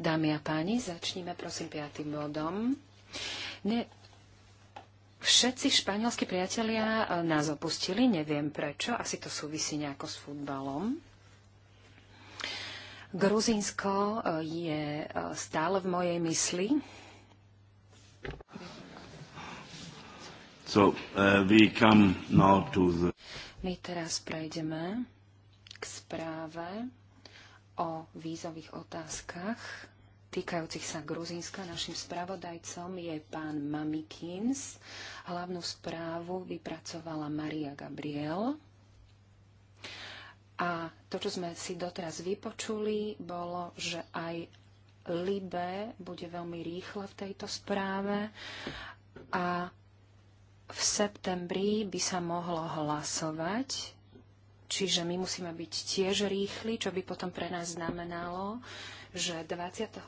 Dámy a páni, začníme prosím piatým bodom. Ne, všetci španielskí priatelia e, nás opustili, neviem prečo, asi to súvisí nejako s futbalom. Gruzínsko e, je e, stále v mojej mysli. So, uh, we come now to the... My teraz prejdeme k správe o vízových otázkach týkajúcich sa Gruzínska. Našim spravodajcom je pán Mamikins. Hlavnú správu vypracovala Maria Gabriel. A to, čo sme si doteraz vypočuli, bolo, že aj Libe bude veľmi rýchle v tejto správe a v septembri by sa mohlo hlasovať Čiže my musíme byť tiež rýchli, čo by potom pre nás znamenalo, že 21.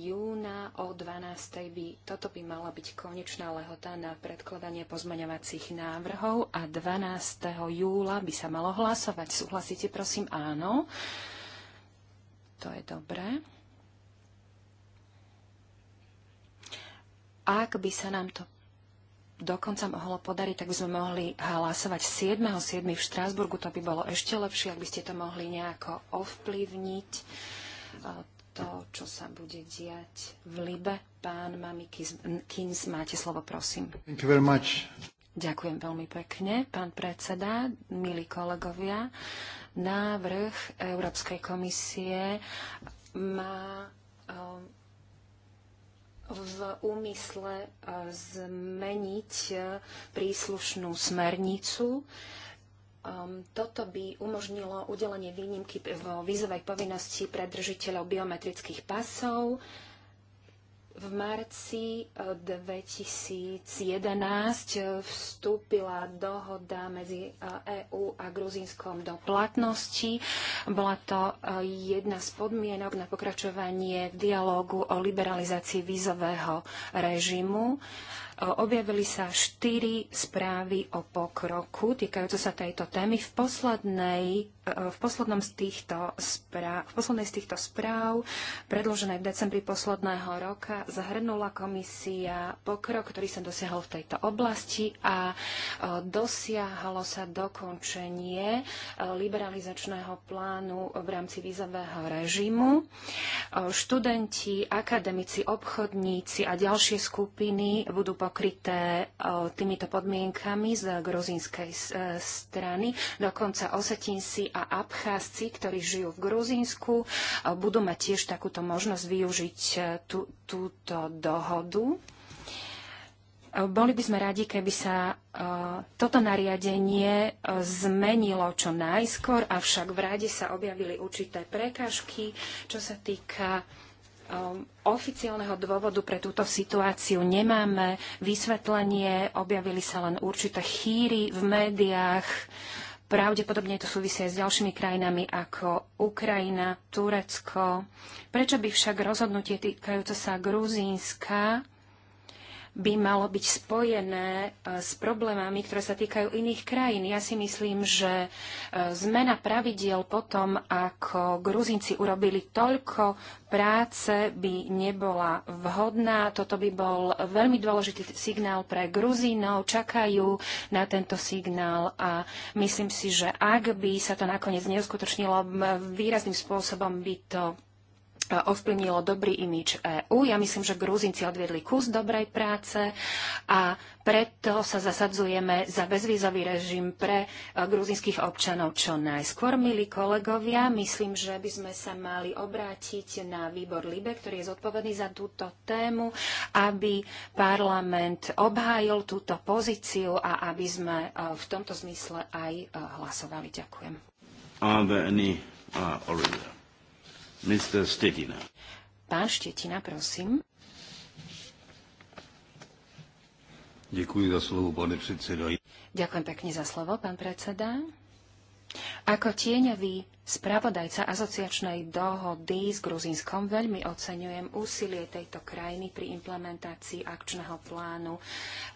júna o 12. by toto by mala byť konečná lehota na predkladanie pozmeňovacích návrhov a 12. júla by sa malo hlasovať. Súhlasíte, prosím? Áno. To je dobré. Ak by sa nám to dokonca mohlo podariť, tak by sme mohli hlasovať 7.7. v Štrásburgu. To by bolo ešte lepšie, ak by ste to mohli nejako ovplyvniť e, to, čo sa bude diať v Libe. Pán Mami Kins, máte slovo, prosím. Thank you very much. Ďakujem veľmi pekne, pán predseda, milí kolegovia. Návrh Európskej komisie má um, v úmysle e, zmeniť e, príslušnú smernicu. Ehm, toto by umožnilo udelenie výnimky vo vízovej povinnosti pre držiteľov biometrických pasov v marci 2011 eh, eh, vstúpila dohoda medzi EÚ eh, e a Gruzínskom do platnosti. Bola to jedna z podmienok na pokračovanie dialógu o liberalizácii vízového režimu. Objavili sa štyri správy o pokroku týkajúce sa tejto témy. V poslednej Eh, v, poslednom z týchto správ, v poslednej z týchto správ, predloženej v decembri posledného roka, zahrnula komisia pokrok, ktorý sa dosiahol v tejto oblasti a eh, dosiahalo sa dokončenie eh, liberalizačného plánu v rámci vízového režimu. Študenti, akademici, obchodníci a ďalšie skupiny budú pokryté týmito podmienkami z gruzínskej strany. Dokonca osetím si a Abcházci, ktorí žijú v Gruzínsku, e, budú mať tiež takúto možnosť využiť e, tú, túto dohodu. E, boli by sme radi, keby sa toto nariadenie zmenilo čo najskôr, avšak v rade sa objavili určité prekážky, čo sa týka oficiálneho dôvodu pre túto situáciu nemáme vysvetlenie, objavili sa len určité chýry v médiách Pravdepodobne to súvisí aj s ďalšími krajinami ako Ukrajina, Turecko. Prečo by však rozhodnutie týkajúce sa Gruzínska by malo byť spojené e, s problémami, ktoré sa týkajú iných krajín. Ja si myslím, že e, zmena pravidiel potom, ako Gruzinci urobili toľko práce, by nebola vhodná. Toto by bol veľmi dôležitý signál pre Gruzínov. Čakajú na tento signál a myslím si, že ak by sa to nakoniec neuskutočnilo, výrazným spôsobom by to ovplyvnilo dobrý imič EÚ. Ja myslím, že Gruzinci odviedli kus dobrej práce a preto sa zasadzujeme za bezvízový režim pre e, gruzinských občanov čo najskôr. Milí kolegovia, myslím, že by sme sa mali obrátiť na výbor LIBE, ktorý je zodpovedný za túto tému, aby parlament obhájil túto pozíciu a aby sme e, v tomto zmysle aj e, hlasovali. Ďakujem. Are there any, uh, Mr. Stetina. Pán Štetina, prosím. Ďakujem za slovo, pane predseda. Ďakujem pekne za slovo, pán predseda. Ako tieňový Spravodajca asociačnej dohody s Gruzínskom veľmi oceňujem úsilie tejto krajiny pri implementácii akčného plánu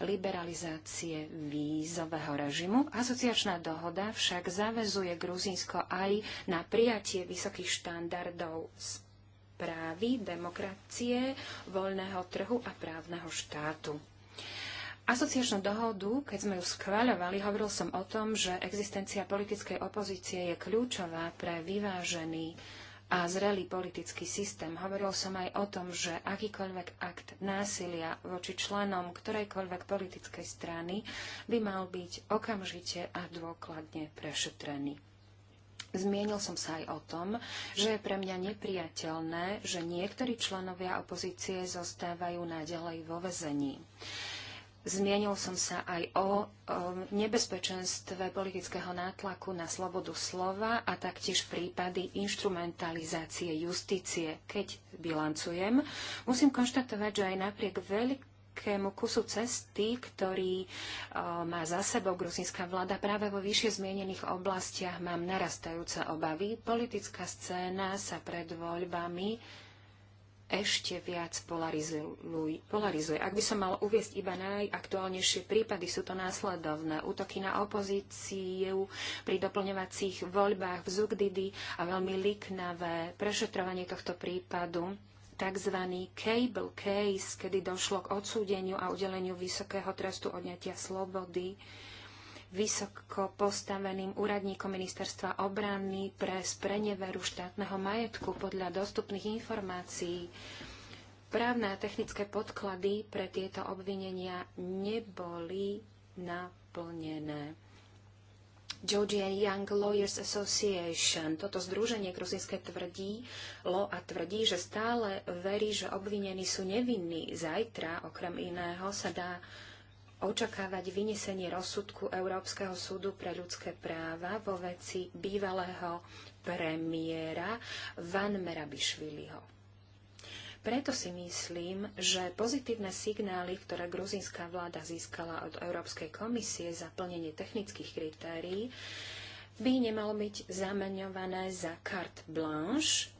liberalizácie vízového režimu. Asociačná dohoda však zavezuje Gruzínsko aj na prijatie vysokých štandardov správy, demokracie, voľného trhu a právneho štátu asociačnú dohodu, keď sme ju schváľovali, hovoril som o tom, že existencia politickej opozície je kľúčová pre vyvážený a zrelý politický systém. Hovoril som aj o tom, že akýkoľvek akt násilia voči členom ktorejkoľvek politickej strany by mal byť okamžite a dôkladne prešetrený. Zmienil som sa aj o tom, že je pre mňa nepriateľné, že niektorí členovia opozície zostávajú naďalej vo vezení. Zmienil som sa aj o, nebezpečenstve politického nátlaku na slobodu slova a taktiež prípady instrumentalizácie justície. Keď bilancujem, musím konštatovať, že aj napriek veľkému kusu cesty, ktorý má za sebou gruzinská vláda práve vo vyššie zmienených oblastiach, mám narastajúce obavy. Politická scéna sa pred voľbami ešte viac polarizuje, polarizuje. Ak by som mal uviesť iba najaktuálnejšie prípady, sú to následovné útoky na opozíciu pri doplňovacích voľbách v Zugdidi a veľmi liknavé prešetrovanie tohto prípadu tzv. cable case, kedy došlo k odsúdeniu a udeleniu vysokého trestu odňatia slobody vysoko postaveným úradníkom ministerstva obrany pre spreneveru štátneho majetku podľa dostupných informácií. Právne a technické podklady pre tieto obvinenia neboli naplnené. Georgia Young Lawyers Association. Toto združenie gruzinské tvrdí lo a tvrdí, že stále verí, že obvinení sú nevinní. Zajtra, okrem iného, sa dá očakávať vynesenie rozsudku Európskeho súdu pre ľudské práva vo veci bývalého premiéra Van Merabišviliho. Preto si myslím, že pozitívne signály, ktoré gruzínska vláda získala od Európskej komisie za plnenie technických kritérií, by nemalo byť zameňované za carte blanche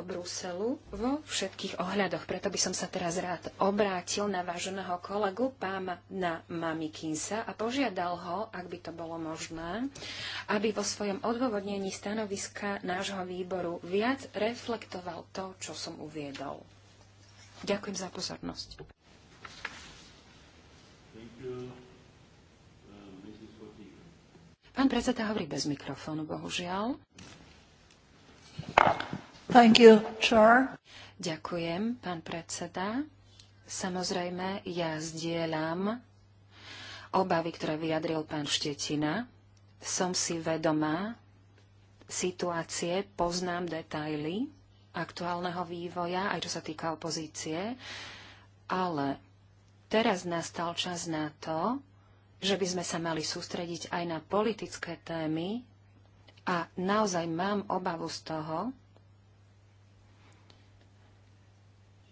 Bruselu vo všetkých ohľadoch. Preto by som sa teraz rád obrátil na váženého kolegu pána Mamikinsa a požiadal ho, ak by to bolo možné, aby vo svojom odôvodnení stanoviska nášho výboru viac reflektoval to, čo som uviedol. Ďakujem za pozornosť. Uh, Pán predseda hovorí bez mikrofónu, bohužiaľ. Thank you, Chair. Ďakujem, pán predseda. Samozrejme, ja zdieľam obavy, ktoré vyjadril pán Štetina. Som si vedomá situácie, poznám detaily aktuálneho vývoja, aj čo sa týka opozície, ale teraz nastal čas na to, že by sme sa mali sústrediť aj na politické témy a naozaj mám obavu z toho,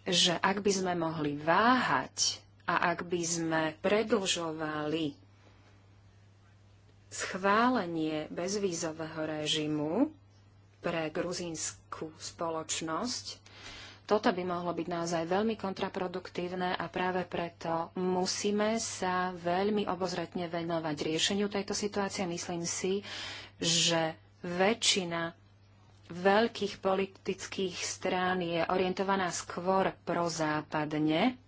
že ak by sme mohli váhať a ak by sme predlžovali schválenie bezvízového režimu pre gruzínsku spoločnosť, toto by mohlo byť naozaj veľmi kontraproduktívne a práve preto musíme sa veľmi obozretne venovať riešeniu tejto situácie. Myslím si, že väčšina veľkých politických strán je orientovaná skôr prozápadne.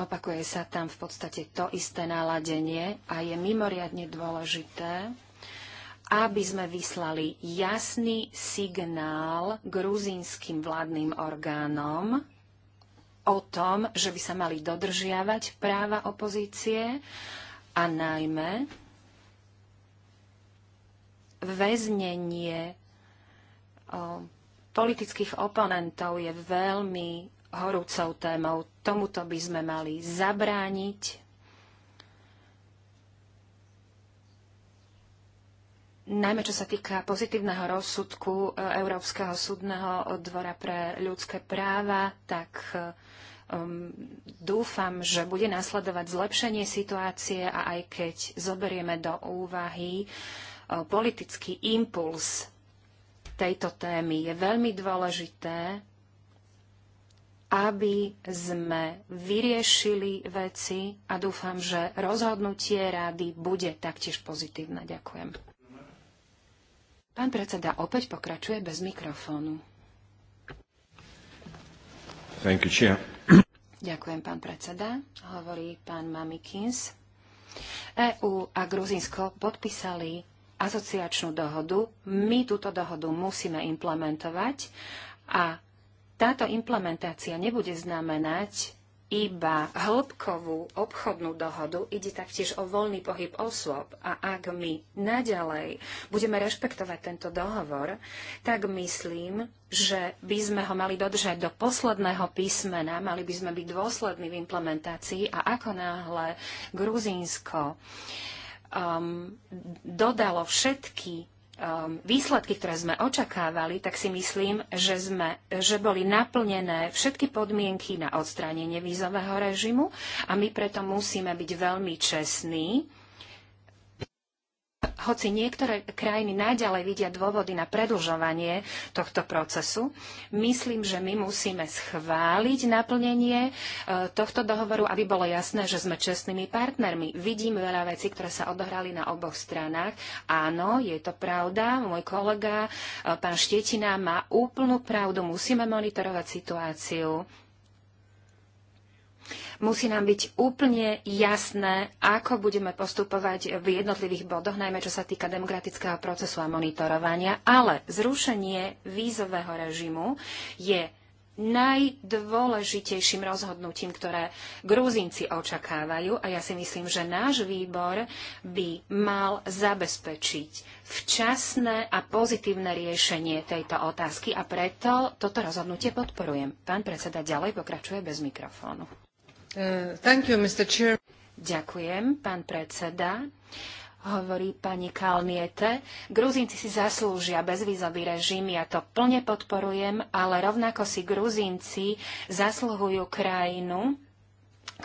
Opakuje sa tam v podstate to isté naladenie a je mimoriadne dôležité, aby sme vyslali jasný signál gruzínskym vládnym orgánom o tom, že by sa mali dodržiavať práva opozície a najmä väznenie o, politických oponentov je veľmi horúcou témou. Tomuto by sme mali zabrániť. najmä čo sa týka pozitívneho rozsudku e, Európskeho súdneho dvora pre ľudské práva, tak e, um, dúfam, že bude nasledovať zlepšenie situácie a aj keď zoberieme do úvahy E, politický impuls tejto témy. Je veľmi dôležité, aby sme vyriešili veci a dúfam, že rozhodnutie rady bude taktiež pozitívne. Ďakujem. Pán predseda opäť pokračuje bez mikrofónu. Thank you, chair. Ďakujem, pán predseda, hovorí pán Mamikins. EÚ a Gruzinsko podpísali asociačnú dohodu. My túto dohodu musíme implementovať a táto implementácia nebude znamenať iba hĺbkovú obchodnú dohodu, ide taktiež o voľný pohyb osôb. A ak my naďalej budeme rešpektovať tento dohovor, tak myslím, že by sme ho mali dodržať do posledného písmena, mali by sme byť dôslední v implementácii a ako náhle Gruzínsko uh, um, dodalo všetky um, výsledky, ktoré sme očakávali, tak si myslím, že, sme, že boli naplnené všetky podmienky na odstránenie vízového režimu a my preto musíme byť veľmi čestní hoci niektoré krajiny naďalej vidia dôvody na predlžovanie tohto procesu, myslím, že my musíme schváliť naplnenie e, tohto dohovoru, aby bolo jasné, že sme čestnými partnermi. Vidím veľa vecí, ktoré sa odohrali na oboch stranách. Áno, je to pravda. Môj kolega, e, pán Štietina, má úplnú pravdu. Musíme monitorovať situáciu Musí nám byť úplne jasné, ako budeme postupovať v jednotlivých bodoch, najmä čo sa týka demokratického procesu a monitorovania, ale zrušenie vízového režimu je najdôležitejším rozhodnutím, ktoré grúzinci očakávajú a ja si myslím, že náš výbor by mal zabezpečiť včasné a pozitívne riešenie tejto otázky a preto toto rozhodnutie podporujem. Pán predseda ďalej pokračuje bez mikrofónu. Uh, you, Ďakujem, pán predseda. Hovorí pani Kalniete, Gruzínci si zaslúžia bezvízový režim, ja to plne podporujem, ale rovnako si Gruzínci zasluhujú krajinu,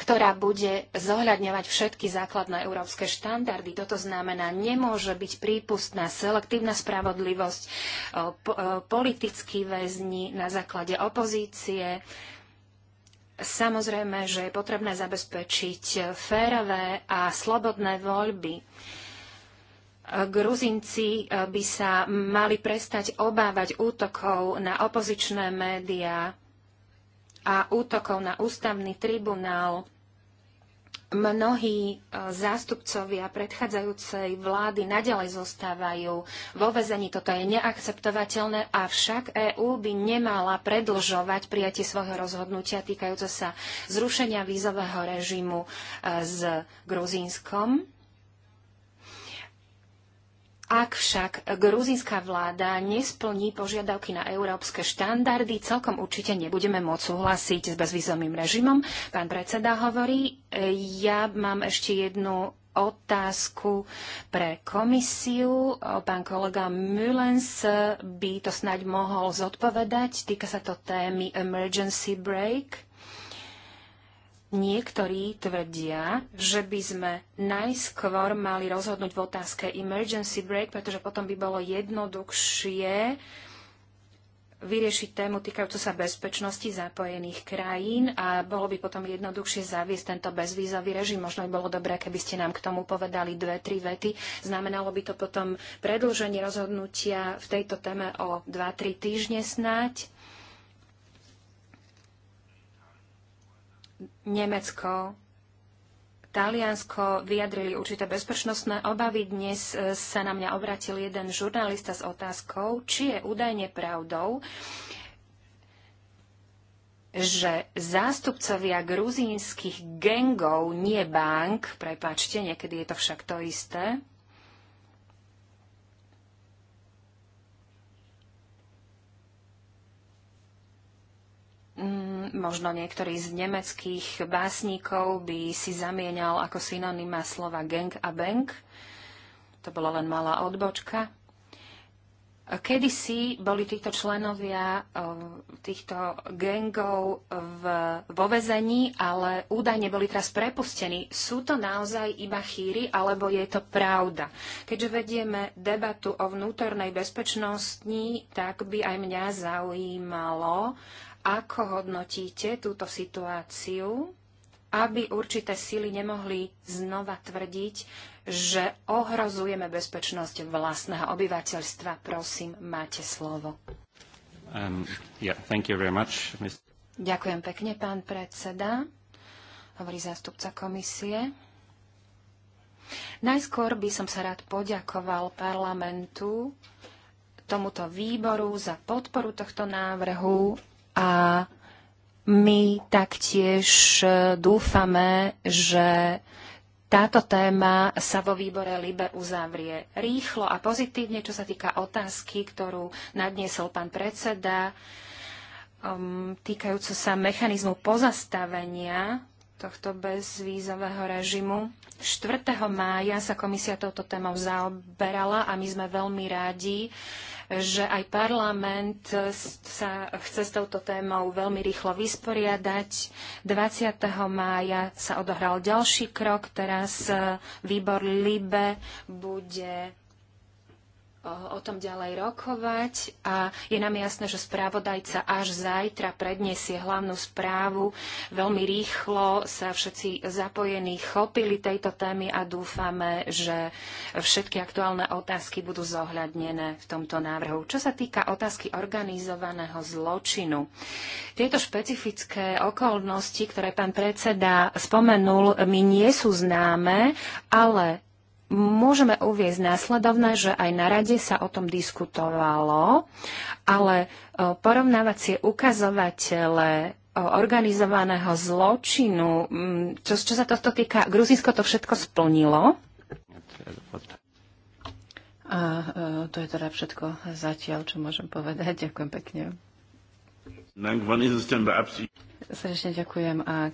ktorá bude zohľadňovať všetky základné európske štandardy. Toto znamená, nemôže byť prípustná selektívna spravodlivosť, eh, eh, politickí väzni na základe opozície, Samozrejme, že je potrebné zabezpečiť férové a slobodné voľby. Gruzinci eh, by sa mali prestať obávať útokov na opozičné médiá a útokov na ústavný tribunál mnohí e, zástupcovia predchádzajúcej vlády nadalej zostávajú vo väzení. Toto je neakceptovateľné, avšak EÚ by nemala predlžovať prijatie svojho rozhodnutia týkajúce sa zrušenia vízového režimu e, s Gruzínskom. Ak však gruzínska vláda nesplní požiadavky na európske štandardy, celkom určite nebudeme môcť súhlasiť s bezvýzovým režimom. Pán predseda hovorí, ja mám ešte jednu otázku pre komisiu. Pán kolega Mullens by to snáď mohol zodpovedať. Týka sa to témy emergency break. Niektorí tvrdia, že by sme najskôr mali rozhodnúť v otázke emergency break, pretože potom by bolo jednoduchšie vyriešiť tému týkajúcu sa bezpečnosti zapojených krajín a bolo by potom jednoduchšie zaviesť tento bezvízový režim. Možno by bolo dobré, keby ste nám k tomu povedali dve, tri vety. Znamenalo by to potom predlženie rozhodnutia v tejto téme o 2-3 týždne snáď. Nemecko, Taliansko vyjadrili určité bezpečnostné obavy. Dnes e, sa na mňa obratil jeden žurnalista s otázkou, či je údajne pravdou, že zástupcovia gruzínskych gengov, nie bank, prepačte, niekedy je to však to isté, Mm, možno niektorý z nemeckých básnikov by si zamienal ako synonyma slova gang a bang. To bola len malá odbočka. Kedysi boli títo členovia eh, týchto gangov v, vo vezení, ale údajne boli teraz prepustení. Sú to naozaj iba chýry, alebo je to pravda? Keďže vedieme debatu o vnútornej bezpečnosti, tak by aj mňa zaujímalo, ako hodnotíte túto situáciu, aby určité sily nemohli znova tvrdiť, že ohrozujeme bezpečnosť vlastného obyvateľstva? Prosím, máte slovo. Um, yeah, thank you very much, Ms. Ďakujem pekne, pán predseda, hovorí zástupca komisie. Najskôr by som sa rád poďakoval parlamentu, tomuto výboru za podporu tohto návrhu a my taktiež e, dúfame, že táto téma sa vo výbore LIBE uzavrie rýchlo a pozitívne, čo sa týka otázky, ktorú nadniesol pán predseda, um, týkajúco sa mechanizmu pozastavenia tohto bezvízového režimu. 4. mája sa komisia touto témou zaoberala a my sme veľmi rádi, uh, že aj parlament sa chce s touto témou veľmi rýchlo vysporiadať. 20. mája sa odohral ďalší krok, teraz e, výbor LIBE bude o tom ďalej rokovať a je nám jasné, že správodajca až zajtra predniesie hlavnú správu. Veľmi rýchlo sa všetci zapojení chopili tejto témy a dúfame, že všetky aktuálne otázky budú zohľadnené v tomto návrhu. Čo sa týka otázky organizovaného zločinu, tieto špecifické okolnosti, ktoré pán predseda spomenul, mi nie sú známe, ale môžeme uviezť následovné, že aj na rade sa o tom diskutovalo, ale e, porovnávacie ukazovatele e, organizovaného zločinu, čo, čo sa tohto týka, Gruzinsko to všetko splnilo. A e, to je teda všetko zatiaľ, čo môžem povedať. Ďakujem pekne. Srdečne ďakujem. A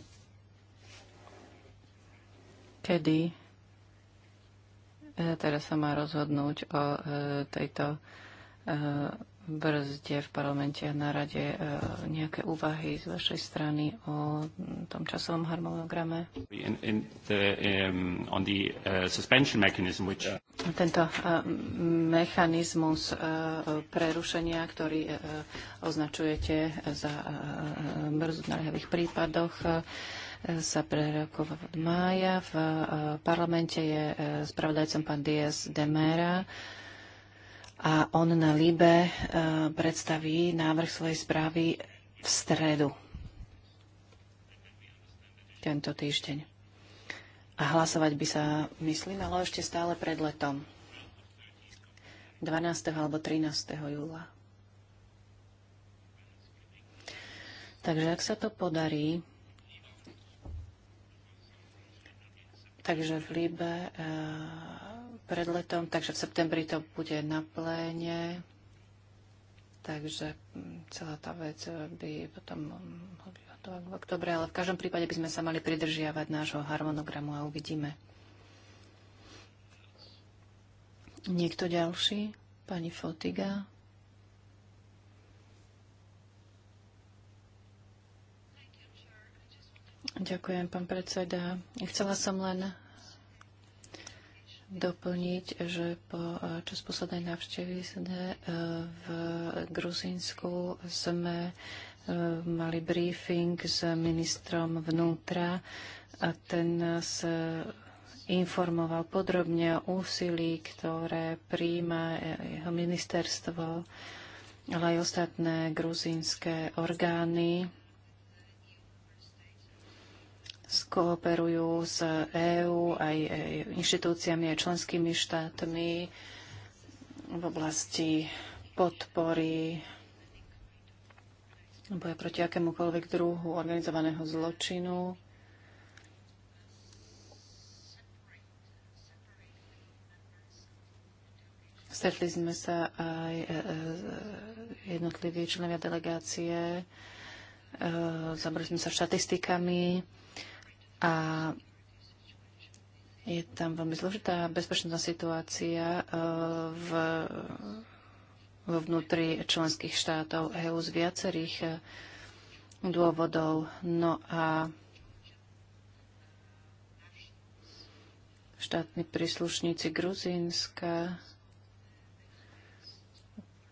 kedy Teraz sa má rozhodnúť o e, tejto e, brzde v parlamente a na rade e, nejaké úvahy z vašej strany o tom časovom harmonograme? In, in the, um, on the, uh, suspension mechanism, which... Tento uh, mechanizmus uh, prerušenia, ktorý uh, označujete za uh, brzdu v naliehavých prípadoch, uh, sa prerokova od mája. V e, parlamente je e, spravodajcom pán dias de Mera a on na Libe e, predstaví návrh svojej správy v stredu tento týždeň. A hlasovať by sa, myslím, ale ešte stále pred letom. 12. alebo 13. júla. Takže ak sa to podarí, takže v Líbe e, pred letom, takže v septembri to bude na pléne, takže mm, celá tá vec by potom to v oktobre, ale v každom prípade by sme sa mali pridržiavať nášho harmonogramu a uvidíme. Niekto ďalší? Pani Fotiga? Ďakujem, pán predseda. Chcela som len doplniť, že po čas poslednej návštevy e, v Gruzínsku sme e, mali briefing s ministrom vnútra a ten nás e, informoval podrobne o úsilí, ktoré príjma jeho ministerstvo, ale aj ostatné gruzínske orgány skooperujú s EÚ aj inštitúciami, a členskými štátmi v oblasti podpory boja proti akémukoľvek druhu organizovaného zločinu. Stretli sme sa aj e, e, jednotliví členovia delegácie. E, zabrali sme sa štatistikami a je tam veľmi zložitá bezpečnostná situácia e, v, vo vnútri členských štátov EÚ z viacerých e, dôvodov. No a štátni príslušníci Gruzínska,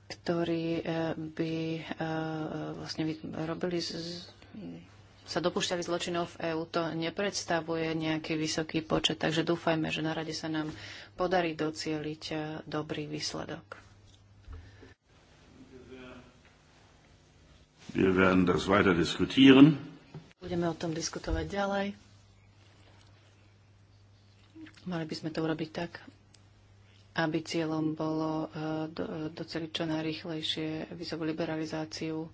ktorí e, by vlastne robili z, sa dopúšťali zločinov v EÚ, to nepredstavuje nejaký vysoký počet. Takže dúfajme, že na rade sa nám podarí docieliť e, dobrý výsledok. Wir werden das weiter diskutieren. Budeme o tom diskutovať ďalej. Mali by sme to urobiť tak, aby cieľom bolo e, e, doceliť čo najrychlejšie vizovú liberalizáciu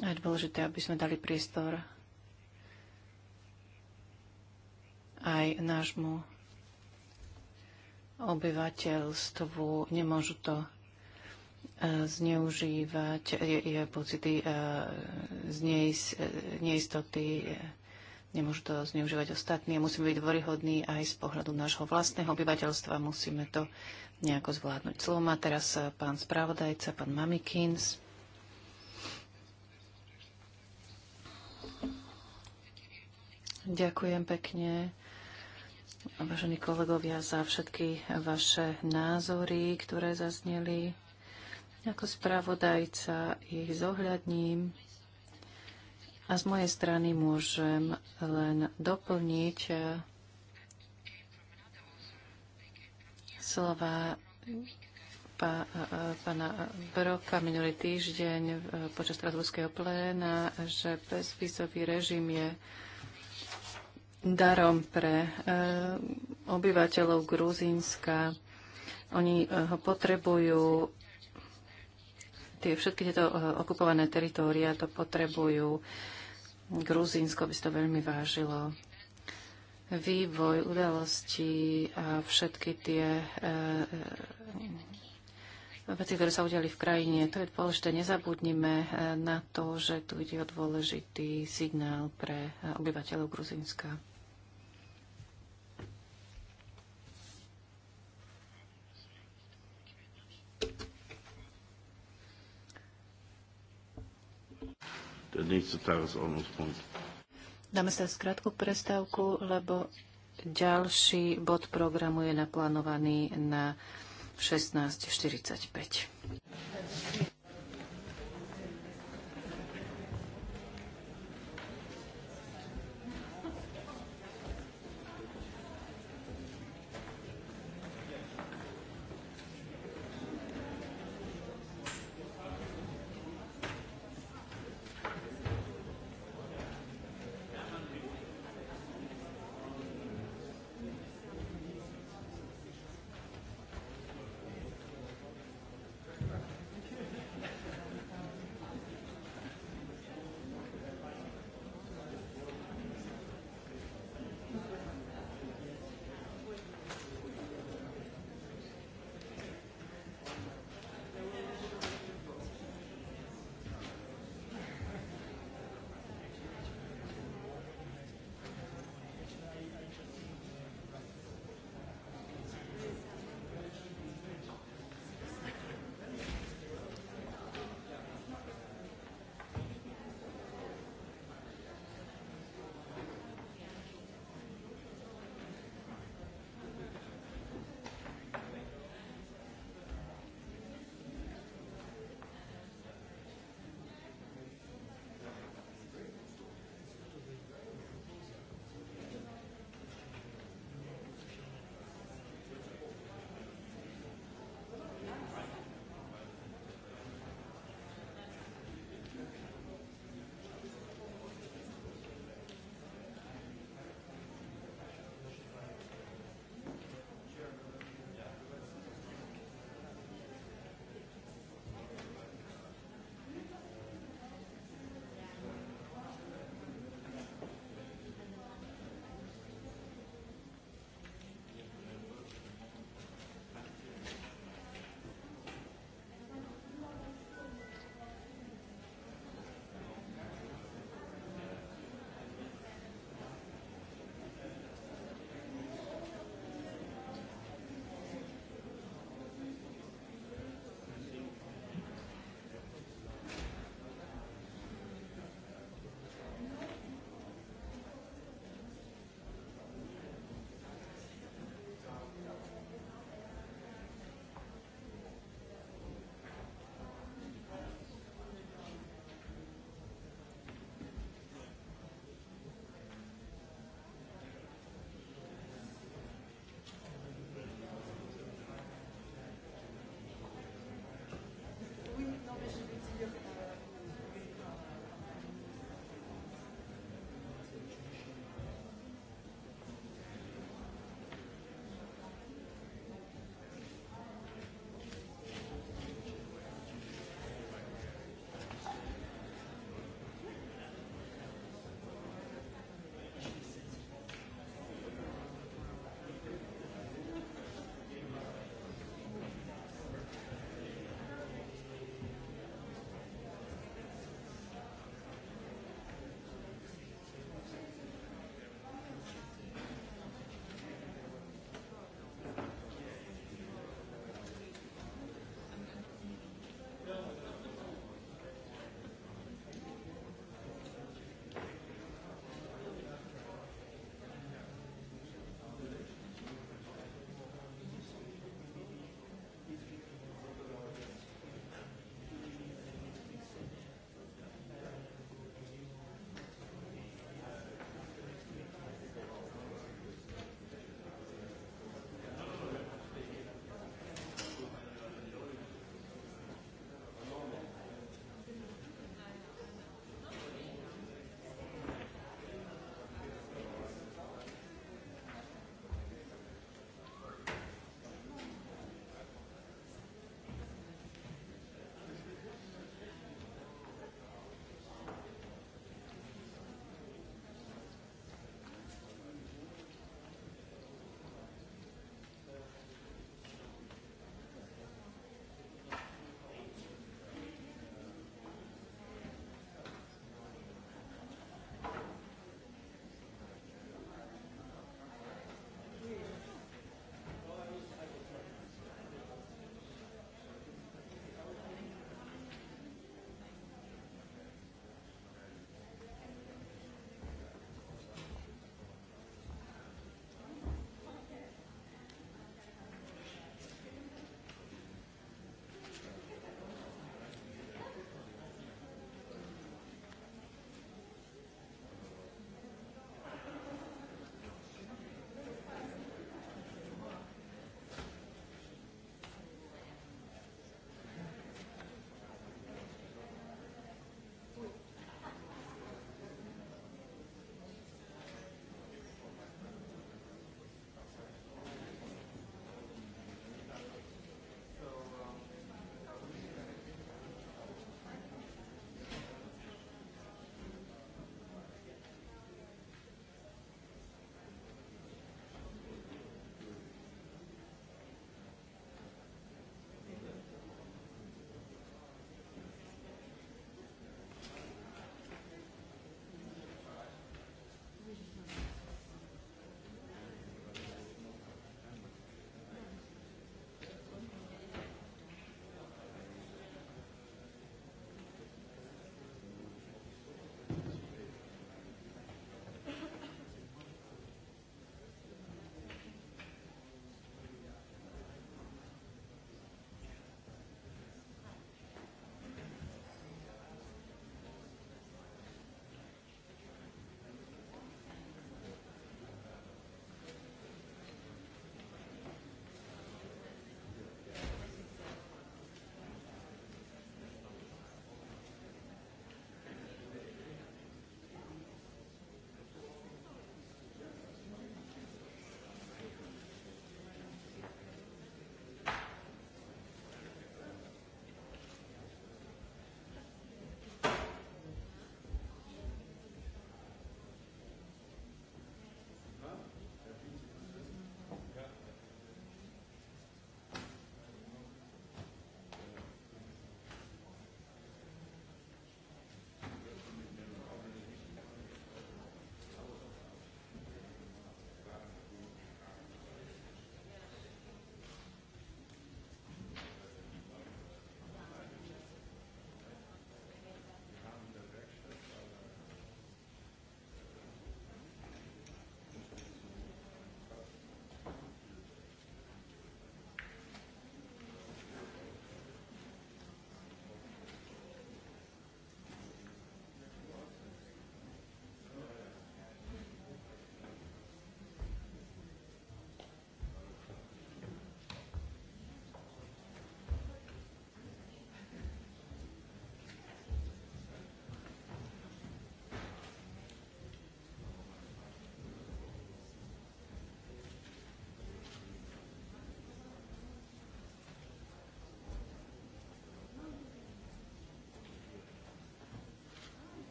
a je dôležité, aby sme dali priestor aj nášmu obyvateľstvu. Nemôžu to e, zneužívať je, je pocity e, z e, neistoty, nemôžu to zneužívať ostatní. Musíme byť dôryhodní aj z pohľadu nášho vlastného obyvateľstva. Musíme to nejako zvládnuť. Slovo má teraz pán spravodajca, pán Mamikins. Ďakujem pekne. Vážení kolegovia, za všetky vaše názory, ktoré zazneli. Ako spravodajca ich zohľadním a z mojej strany môžem len doplniť slova pána Broka minulý týždeň počas Strasburského pléna, že bezvízový režim je darom pre eh, obyvateľov Gruzínska. Oni eh, ho potrebujú, tie, všetky tieto eh, okupované teritória to potrebujú. Gruzínsko by si to veľmi vážilo. Vývoj udalostí a všetky tie veci, ktoré sa udiali v krajine. To je dôležité. Nezabudnime na to, že tu ide o dôležitý signál pre obyvateľov Gruzínska. nächste Tagesordnungspunkt. Dáme sa skrátku prestávku, lebo ďalší bod programu je naplánovaný na 16.45.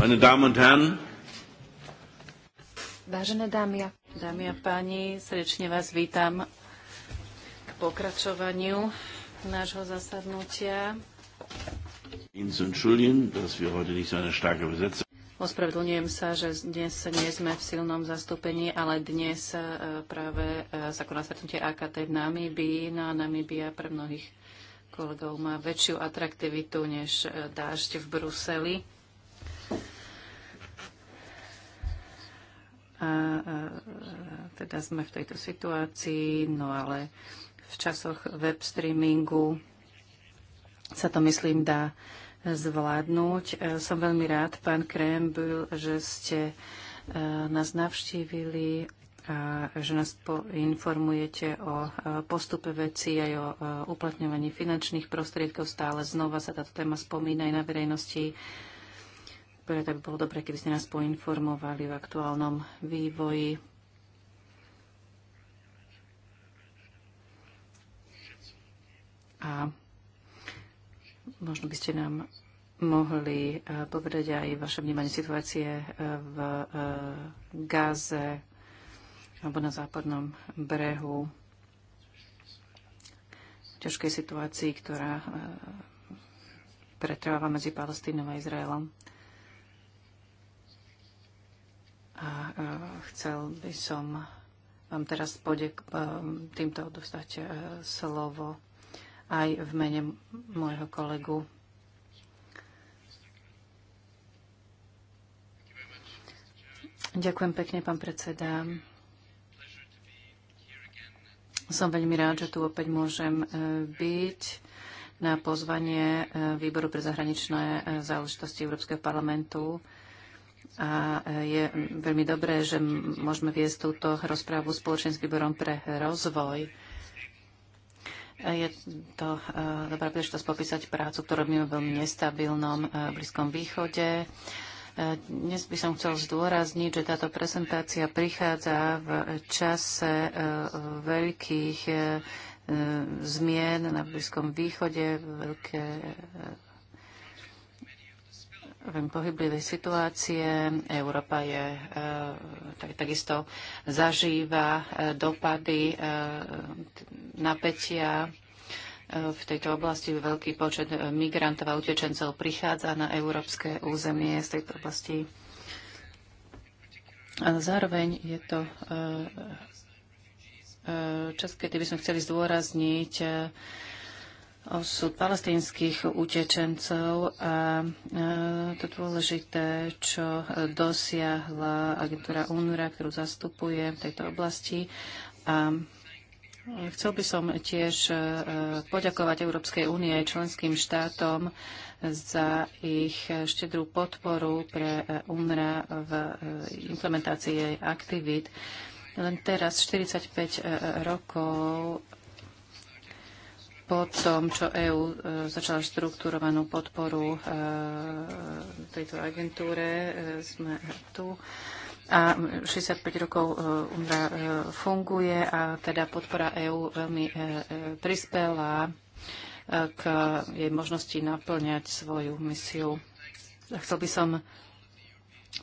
Meine Damen und Herren, Vážené dámy a, dámy a páni, srdečne vás vítam k pokračovaniu nášho zasadnutia. Ospravedlňujem sa, že dnes nie sme v silnom zastúpení, ale dnes e, práve e, sa koná stretnutie AKT v Namíbii. No a Namíbia pre mnohých kolegov má väčšiu atraktivitu než e, dážď v Bruseli. teraz sme v tejto situácii, no ale v časoch web streamingu sa to, myslím, dá zvládnuť. E, som veľmi rád, pán Krembl, že ste e, nás navštívili a že nás informujete o e, postupe veci aj o uplatňovaní finančných prostriedkov. Stále znova sa táto téma spomína aj na verejnosti. Preto by bolo dobre, keby ste nás poinformovali o aktuálnom vývoji. A možno by ste nám mohli e, povedať aj vaše vnímanie situácie e, v e, Gáze alebo na západnom brehu ťažkej situácii, ktorá pretrváva medzi Palestínom a Izraelom. A chcel by som vám teraz podiek- týmto dostať slovo aj v mene môjho kolegu. Ďakujem pekne, pán predseda. Som veľmi rád, že tu opäť môžem e, byť na pozvanie e, Výboru pre zahraničné e, záležitosti Európskeho parlamentu. A je veľmi dobré, že môžeme viesť túto rozprávu spoločne s Výborom pre rozvoj. Je to e, dobrá príležitosť popísať prácu, ktorú robíme v veľmi nestabilnom e, Blízkom východe. E, dnes by som chcel zdôrazniť, že táto prezentácia prichádza v čase veľkých zmien na Blízkom východe, veľké veľmi pohyblivej situácie. Európa je e, tak, takisto zažíva e, dopady e, napätia v tejto oblasti veľký počet migrantov a utečencov prichádza na európske územie z tejto oblasti. A zároveň je to čas, kedy by sme chceli zdôrazniť osud palestínskych utečencov a to dôležité, čo dosiahla agentúra UNRWA, ktorú zastupuje v tejto oblasti. A Chcel by som tiež e, poďakovať Európskej únie a členským štátom za ich štedrú podporu pre e, UNRA v e, implementácii jej aktivít. Len teraz, 45 rokov po tom, čo EÚ e, začala štruktúrovanú podporu e, tejto agentúre, e, sme tu a 65 rokov UNRWA funguje a teda podpora EÚ veľmi prispela k jej možnosti naplňať svoju misiu. Chcel by som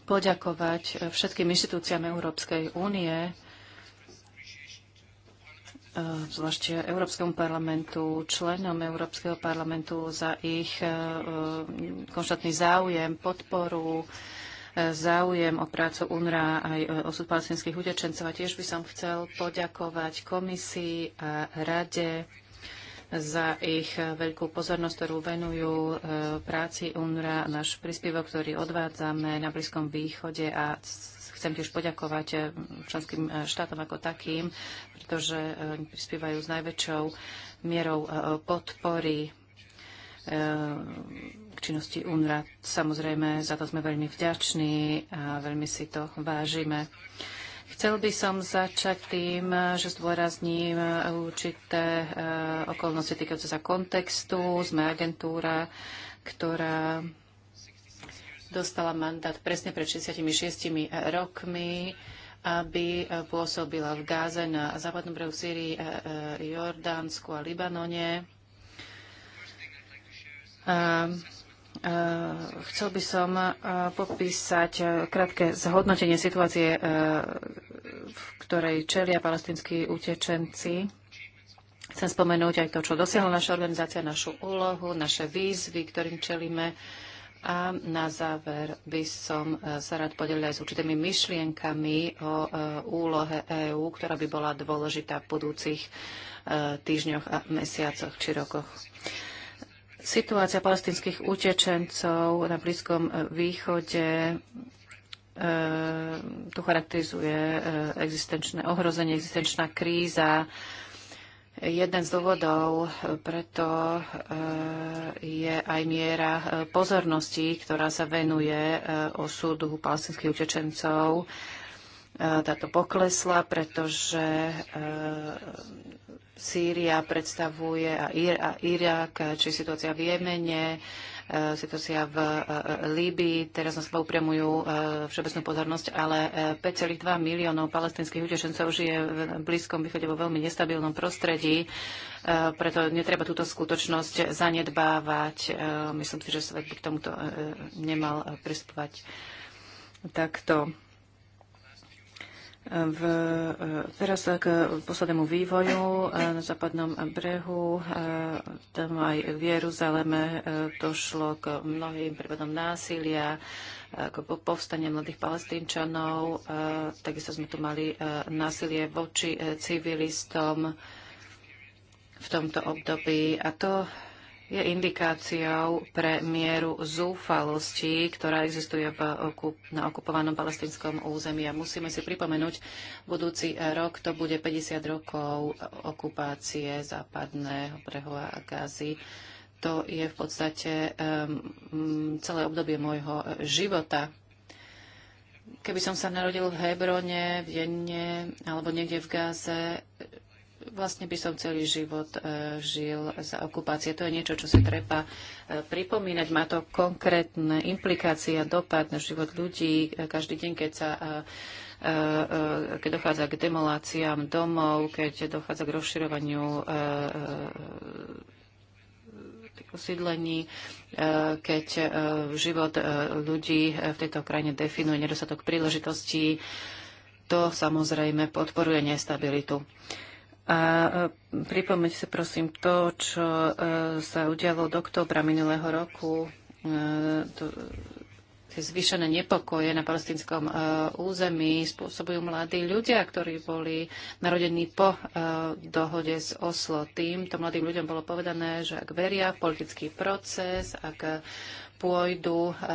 poďakovať všetkým inštitúciám Európskej únie, zvlášť Európskemu parlamentu, členom Európskeho parlamentu za ich e, konštantný záujem, podporu, e, záujem o prácu UNRA aj e, osud palestinských utečencov. A tiež by som chcel poďakovať komisii a rade za ich veľkú pozornosť, ktorú venujú práci UNRA, náš príspevok, ktorý odvádzame na Blízkom východe a Chcem tiež poďakovať eh, členským eh, štátom ako takým, pretože eh, prispievajú s najväčšou mierou podpory k činnosti UNRA. Samozrejme, za to sme veľmi vďační a veľmi si to vážime. Chcel by som začať tým, že zdôrazním určité okolnosti týkajúce sa kontextu. Sme agentúra, ktorá dostala mandát presne pred 66 rokmi, aby pôsobila v Gáze na západnom brehu Sýrii, eh, eh, Jordánsku a Libanone. Chcel by som eh, popísať krátke zhodnotenie situácie, v ktorej čelia palestinskí utečenci. Chcem spomenúť aj to, čo dosiahla naša organizácia, našu úlohu, naše výzvy, ktorým čelíme a na záver by som e, sa rád podelil aj s určitými myšlienkami o e, úlohe EÚ, ktorá by bola dôležitá v budúcich e, týždňoch a mesiacoch či rokoch. Situácia palestinských utečencov na Blízkom východe tu charakterizuje existenčné ohrozenie, existenčná kríza, Jeden z dôvodov preto e, je aj miera e, pozornosti, ktorá sa venuje e, osudu palestinských utečencov táto poklesla, pretože e, Sýria predstavuje a, Irak, či situácia v Jemene, e, situácia v e, Líbii. Teraz na seba upriamujú všeobecnú pozornosť, ale 5,2 miliónov palestinských utečencov žije v Blízkom východe vo veľmi nestabilnom prostredí, preto netreba túto skutočnosť zanedbávať. Myslím si, že svet by k tomuto nemal prispovať takto. V, e, teraz k poslednému vývoju e, na západnom brehu, e, tam aj v Jeruzaleme došlo k mnohým prípadom násilia, k povstanie mladých palestínčanov, takisto sme tu mali násilie voči civilistom v tomto období a to je indikáciou pre mieru zúfalosti, ktorá existuje v, okup, na okupovanom palestinskom území. A musíme si pripomenúť, budúci rok to bude 50 rokov okupácie západného brehu a Gázy. To je v podstate um, celé obdobie môjho života. Keby som sa narodil v Hebrone, v Jenne alebo niekde v Gáze, vlastne by som celý život e, žil za okupácie. To je niečo, čo si treba e, pripomínať. Má to konkrétne implikácie a dopad na život ľudí. E, každý deň, keď sa keď dochádza k demoláciám domov, keď dochádza k rozširovaniu osídlení, keď život ľudí v tejto krajine definuje nedostatok príležitostí, to samozrejme podporuje nestabilitu. A e, pripomeň si prosím to, čo e, sa udialo od októbra minulého roku, e, tie zvýšené nepokoje na palestinskom území spôsobujú mladí ľudia, ktorí boli narodení po dohode s Oslo. Týmto mladým ľuďom bolo povedané, že ak veria v politický proces, ak pôjdu eh, eh,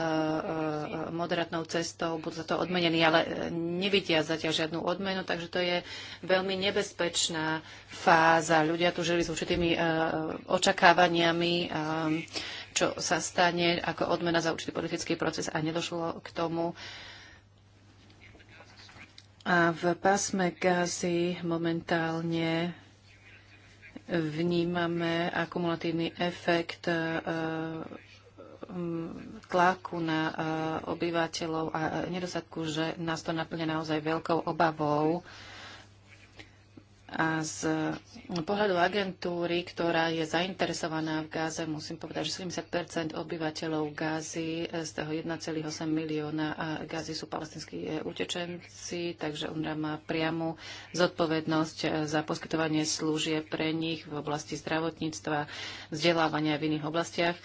moderátnou cestou, budú za to odmenení, ale eh, nevidia zatiaľ žiadnu odmenu, takže to je veľmi nebezpečná fáza. Ľudia tu žili s určitými očakávaniami, čo sa stane ako odmena za určitý politický proces a nedošlo k tomu. A v pásme Gazy momentálne vnímame akumulatívny efekt Mm, tlaku na eh, obyvateľov a nedostatku, že nás to naplňa naozaj veľkou obavou, a z pohľadu agentúry, ktorá je zainteresovaná v Gáze, musím povedať, že 70 obyvateľov Gázy, z toho 1,8 milióna Gázy sú palestinskí e, utečenci, takže UNRWA má priamu zodpovednosť e, za poskytovanie služieb pre nich v oblasti zdravotníctva, vzdelávania v iných oblastiach.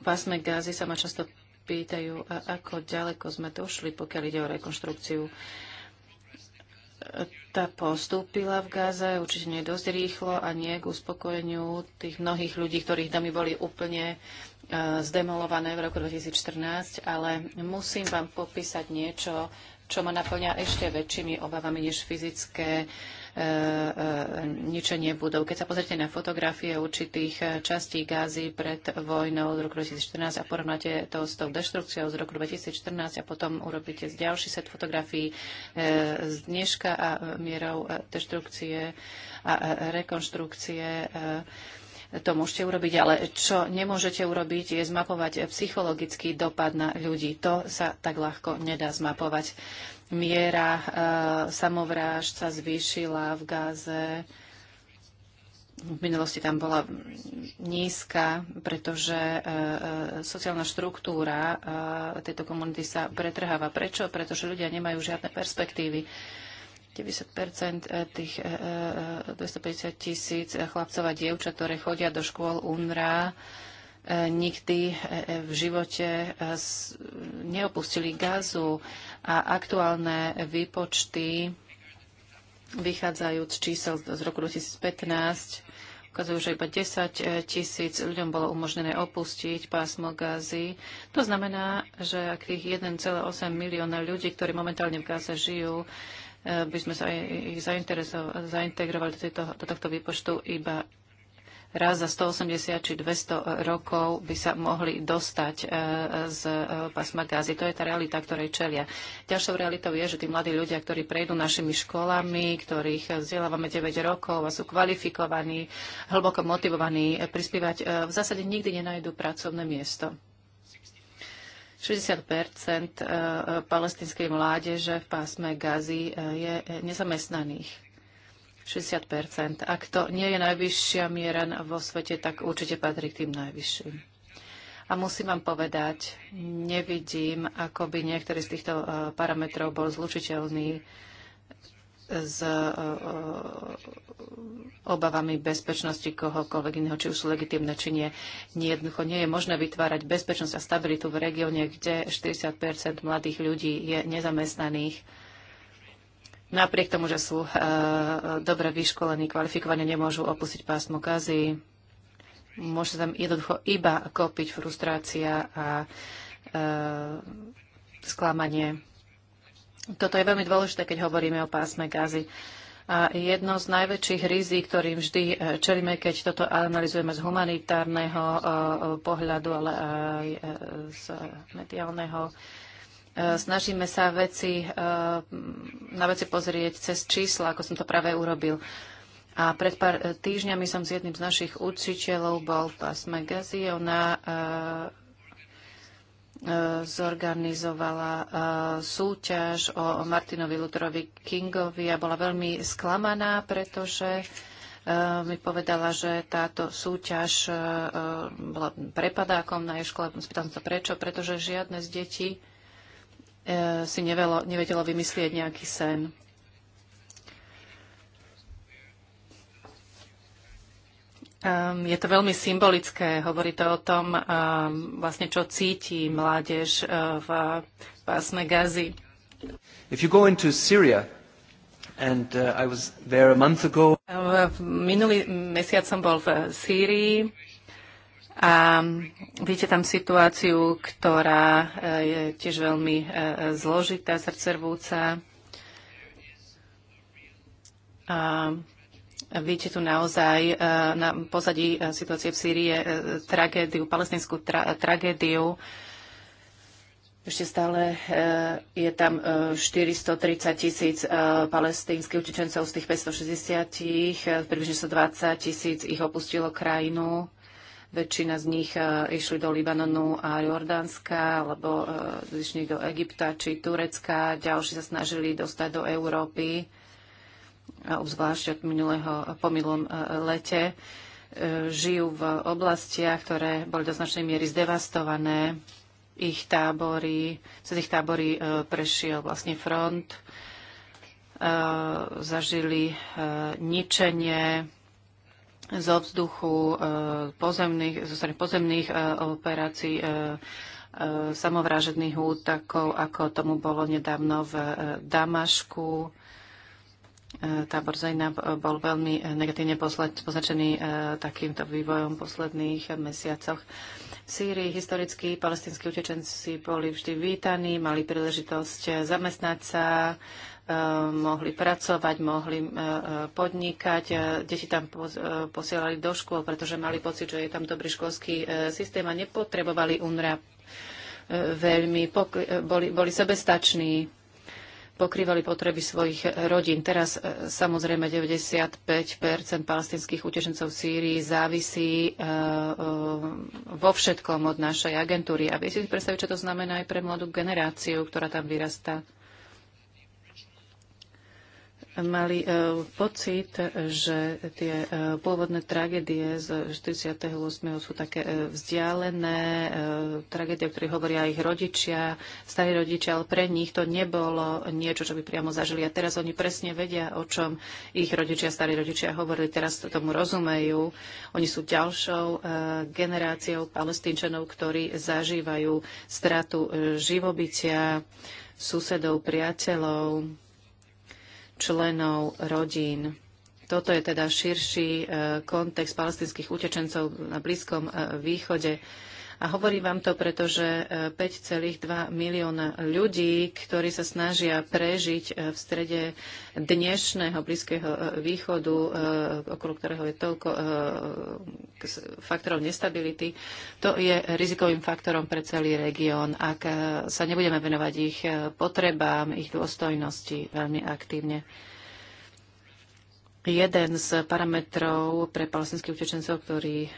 V pásme Gázy sa ma často pýtajú, ako ďaleko sme došli, pokiaľ ide o rekonštrukciu tá postúpila v Gáze, určite nie dosť rýchlo a nie k uspokojeniu tých mnohých ľudí, ktorých domy boli úplne uh, zdemolované v roku 2014, ale musím vám popísať niečo, čo ma naplňa ešte väčšími obavami než fyzické uh, E, e, ničenie budov. Keď sa pozrite na fotografie určitých e, častí Gázy pred vojnou z roku 2014 a porovnáte to s tou deštrukciou z roku 2014 a potom urobíte ďalší set fotografií z dneška a mierou deštrukcie a rekonštrukcie to môžete urobiť, ale čo nemôžete urobiť, je zmapovať psychologický dopad na ľudí. To sa tak ľahko nedá zmapovať miera e, samovrážd sa zvýšila v Gáze. V minulosti tam bola nízka, pretože e, e, sociálna štruktúra e, tejto komunity sa pretrháva. Prečo? Pretože ľudia nemajú žiadne perspektívy. 90 e, tých 250 e, tisíc chlapcov a dievčat, ktoré chodia do škôl UNRA, nikdy e, e, v živote e, neopustili gazu a aktuálne výpočty vychádzajú z čísel z roku 2015 ukazujú, že iba 10 tisíc ľuďom bolo umožnené opustiť pásmo Gazy. To znamená, že ak tých 1,8 milióna ľudí, ktorí momentálne v Gáze žijú, by sme sa ich zaintegrovali do, tejto, do tohto výpočtu iba raz za 180 či 200 rokov by sa mohli dostať e, z e, pasma gázy. To je tá realita, ktorej čelia. Ďalšou realitou je, že tí mladí ľudia, ktorí prejdú našimi školami, ktorých vzdelávame 9 rokov a sú kvalifikovaní, hlboko motivovaní e, prispievať, v zásade nikdy nenajdu pracovné miesto. 60 palestinskej mládeže v pásme Gazy je nezamestnaných. 60 Ak to nie je najvyššia miera vo svete, tak určite patrí k tým najvyšším. A musím vám povedať, nevidím, ako by niektorý z týchto e, parametrov bol zlučiteľný s e, e, obavami bezpečnosti kohokoľvek iného, či už sú legitimné, či nie. nie. Jednoducho nie je možné vytvárať bezpečnosť a stabilitu v regióne, kde 40 mladých ľudí je nezamestnaných napriek tomu, že sú eh, dobre vyškolení, kvalifikovaní, nemôžu opustiť pásmo kazy. Môže tam jednoducho iba kopiť frustrácia a eh, sklamanie. Toto je veľmi dôležité, keď hovoríme o pásme gazy. A jedno z najväčších rizí, ktorým vždy eh, čelíme, keď toto analizujeme z humanitárneho pohľadu, ale aj z mediálneho, E, snažíme sa veci, e, na veci pozrieť cez čísla, ako som to práve urobil. A pred pár e, týždňami som s jedným z našich učiteľov bol Pass Magazine, Ona zorganizovala súťaž o Martinovi Lutherovi Kingovi a bola veľmi sklamaná, pretože mi povedala, že táto súťaž bola prepadákom na jej škole. Spýtam sa prečo, pretože žiadne z detí E, si nevelo, nevedelo vymyslieť nejaký sen. Um, je to veľmi symbolické, hovorí to o tom, um, vlastne čo cíti mládež uh, v pásme Gazi. If you go into Syria, and uh, I was there a month ago. E, minulý mesiac som bol v Sýrii a vidíte tam situáciu, ktorá eh, je tiež veľmi eh, zložitá, srdcervúca. A Vidíte tu naozaj eh, na pozadí situácie v Sýrii tragédiu, palestinskú tra- tragédiu. Ešte stále je tam 430 tisíc palestínskych utečencov z tých 560, približne 120 tisíc ich opustilo krajinu. Väčšina z nich e, išli do Libanonu a Jordánska, alebo e, zišli do Egypta či Turecka. Ďalší sa snažili dostať do Európy, obzvlášť od minulého e, pomilom lete. Žijú v oblastiach, ktoré boli do značnej miery zdevastované. Ich tábory, cez ich tábory prešiel vlastne front. Zažili ničenie zo vzduchu e, pozemných, zo strany pozemných e, operácií e, samovrážedných útakov, ako tomu bolo nedávno v Damašku. Tábor Zajna bol veľmi negatívne poznačený takýmto vývojom v posledných mesiacoch. V Sýrii historicky palestinskí utečenci boli vždy vítaní, mali príležitosť zamestnať sa, Eh, mohli pracovať, mohli eh, eh, podnikať. Deti tam posielali do škôl, pretože mali pocit, že je tam dobrý školský systém a nepotrebovali UNRA veľmi, boli, boli sebestační pokrývali potreby svojich rodín. Teraz samozrejme 95 palestinských utečencov v Sýrii závisí e, e, vo všetkom od našej agentúry. A vy si predstaviť, čo to znamená aj pre mladú generáciu, ktorá tam vyrastá? mali e, pocit, že tie e, pôvodné tragédie z 48. sú také e, vzdialené, tragédie, o ktorých hovoria ich rodičia, starí rodičia, ale pre nich to nebolo niečo, čo by priamo zažili. A teraz oni presne vedia, o čom ich rodičia, starí rodičia hovorili, teraz to tomu rozumejú. Oni sú ďalšou generáciou palestínčanov, ktorí zažívajú stratu živobytia, susedov, priateľov, členov rodín. Toto je teda širší eh, kontext palestinských utečencov na Blízkom eh, východe. A hovorím vám to, pretože 5,2 e, milióna ľudí, ktorí sa snažia prežiť e, v strede dnešného Blízkeho e, východu, okolo ktorého je toľko faktorov nestability, to je rizikovým faktorom pre celý región. Ak sa nebudeme venovať ich potrebám, ich dôstojnosti veľmi aktívne jeden z parametrov pre palestinských utečencov, ktorý e,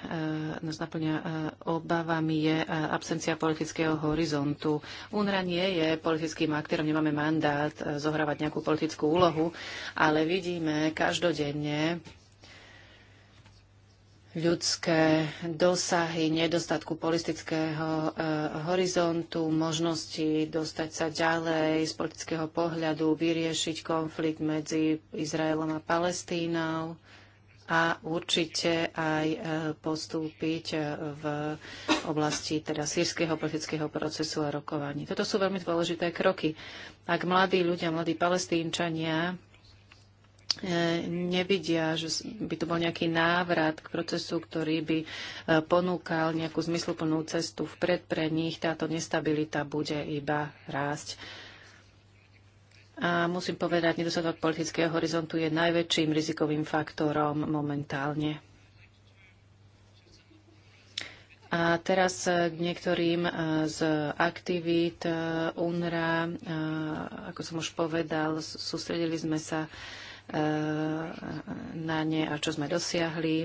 nás naplňa e, obavami, je e, absencia politického horizontu. UNRA nie je politickým aktérom, nemáme mandát e, zohrávať nejakú politickú úlohu, ale vidíme každodenne, ľudské dosahy, nedostatku politického e, horizontu, možnosti dostať sa ďalej z politického pohľadu, vyriešiť konflikt medzi Izraelom a Palestínou a určite aj e, postúpiť eh, v oblasti teda sírskeho politického procesu a rokovaní. Toto sú veľmi dôležité kroky. Ak mladí ľudia, mladí palestínčania E, nevidia, že by to bol nejaký návrat k procesu, ktorý by e, ponúkal nejakú zmysluplnú cestu vpred pre nich. Táto nestabilita bude iba rásť. A musím povedať, nedostatok politického horizontu je najväčším rizikovým faktorom momentálne. A teraz e, k niektorým z aktivít UNRA. Ako som už povedal, sústredili sme sa Eh, na ne a čo sme dosiahli.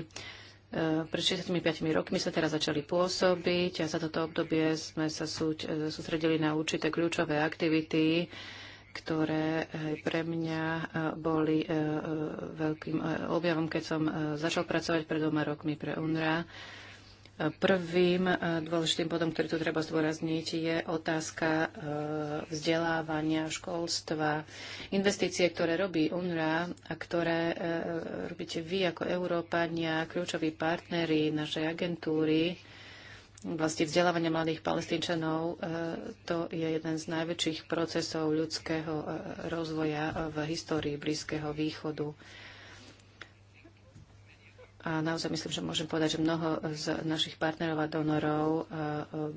Eh, pred 65 rokmi sa teraz začali pôsobiť a za toto obdobie sme sa eh, sústredili na určité kľúčové aktivity, ktoré pre mňa boli veľkým objavom, keď som začal pracovať pred dvoma rokmi pre UNRWA. Prvým e, dôležitým bodom, ktorý tu treba zdôrazniť, je otázka e, vzdelávania, školstva, investície, ktoré robí UNRWA a ktoré e, robíte vy ako Európania, kľúčoví partnery našej agentúry vlasti vzdelávania mladých palestínčanov, to je jeden z najväčších procesov ľudského rozvoja v histórii Blízkeho východu. A naozaj myslím, že môžem povedať, že mnoho z našich partnerov a donorov e,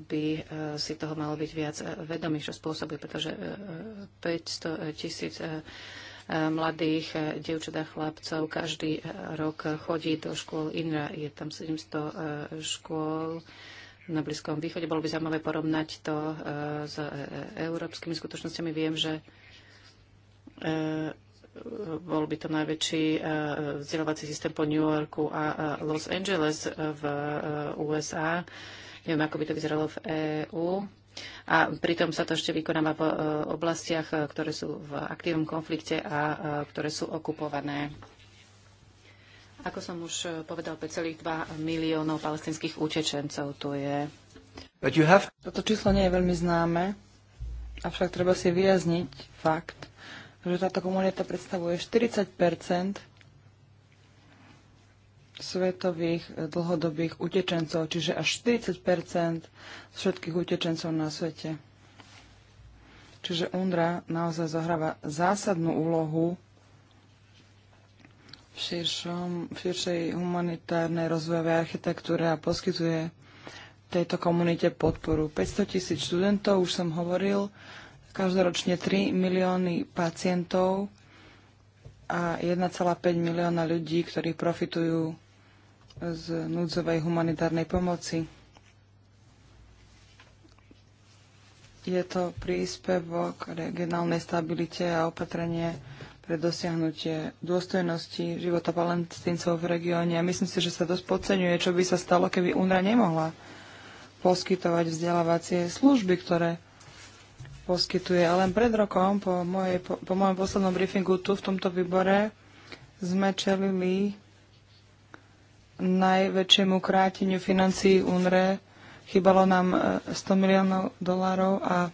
by e, si toho malo byť viac e, vedomí, čo spôsobuje, pretože 500 tisíc mladých devčat a chlapcov každý rok chodí do škôl INRA. Je tam 700 škôl na Blízkom východe. Bolo by zaujímavé porovnať to s európskymi skutočnosťami. Viem, že bol by to najväčší e, vzdelávací systém po New Yorku a e, Los Angeles v e, USA. Neviem, ako by to vyzeralo v EÚ. A pritom sa to ešte vykonáva v oblastiach, ktoré sú v aktívnom konflikte a ktoré sú okupované. Ako som už povedal, 5,2 miliónov palestinských utečencov tu je. Have... Toto číslo nie je veľmi známe, avšak treba si vyjazniť fakt, že táto komunita predstavuje 40 svetových eh, dlhodobých utečencov, čiže až 40 všetkých utečencov na svete. Čiže UNRA naozaj zohráva zásadnú úlohu v, širšom, v širšej humanitárnej rozvojovej architektúre a poskytuje tejto komunite podporu. 500 tisíc študentov, už som hovoril, Každoročne 3 milióny pacientov a 1,5 milióna ľudí, ktorí profitujú z núdzovej humanitárnej pomoci. Je to príspevok regionálnej stabilite a opatrenie pre dosiahnutie dôstojnosti života palestíncov v regióne. A myslím si, že sa dosť podceňuje, čo by sa stalo, keby UNRA nemohla poskytovať vzdelávacie služby, ktoré poskytuje. A len pred rokom, po, mojej, po, po mojom poslednom briefingu tu v tomto výbore, sme čelili najväčšiemu kráteniu financií UNRE. Chybalo nám 100 e, miliónov dolárov a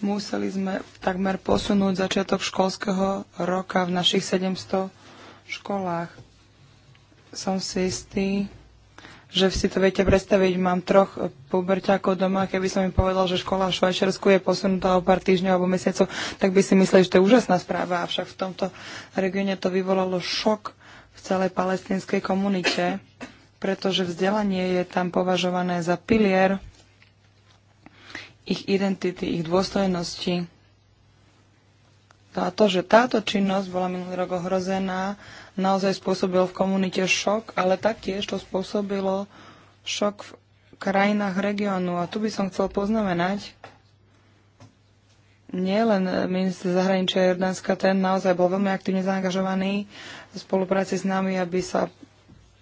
museli sme takmer posunúť začiatok školského roka v našich 700 školách. Som si istý, že si to viete predstaviť, mám troch puberťákov doma, keby som im povedal, že škola v Švajčiarsku je posunutá o pár týždňov alebo mesiacov, tak by si mysleli, že to je úžasná správa, avšak v tomto regióne to vyvolalo šok v celej palestinskej komunite, pretože vzdelanie je tam považované za pilier ich identity, ich dôstojnosti. No a to, že táto činnosť bola minulý rok ohrozená, naozaj spôsobil v komunite šok, ale taktiež to spôsobilo šok v krajinách regiónu. A tu by som chcel poznamenať, Nie len minister zahraničia Jordánska, ten naozaj bol veľmi aktívne zaangažovaný v spolupráci s nami, aby sa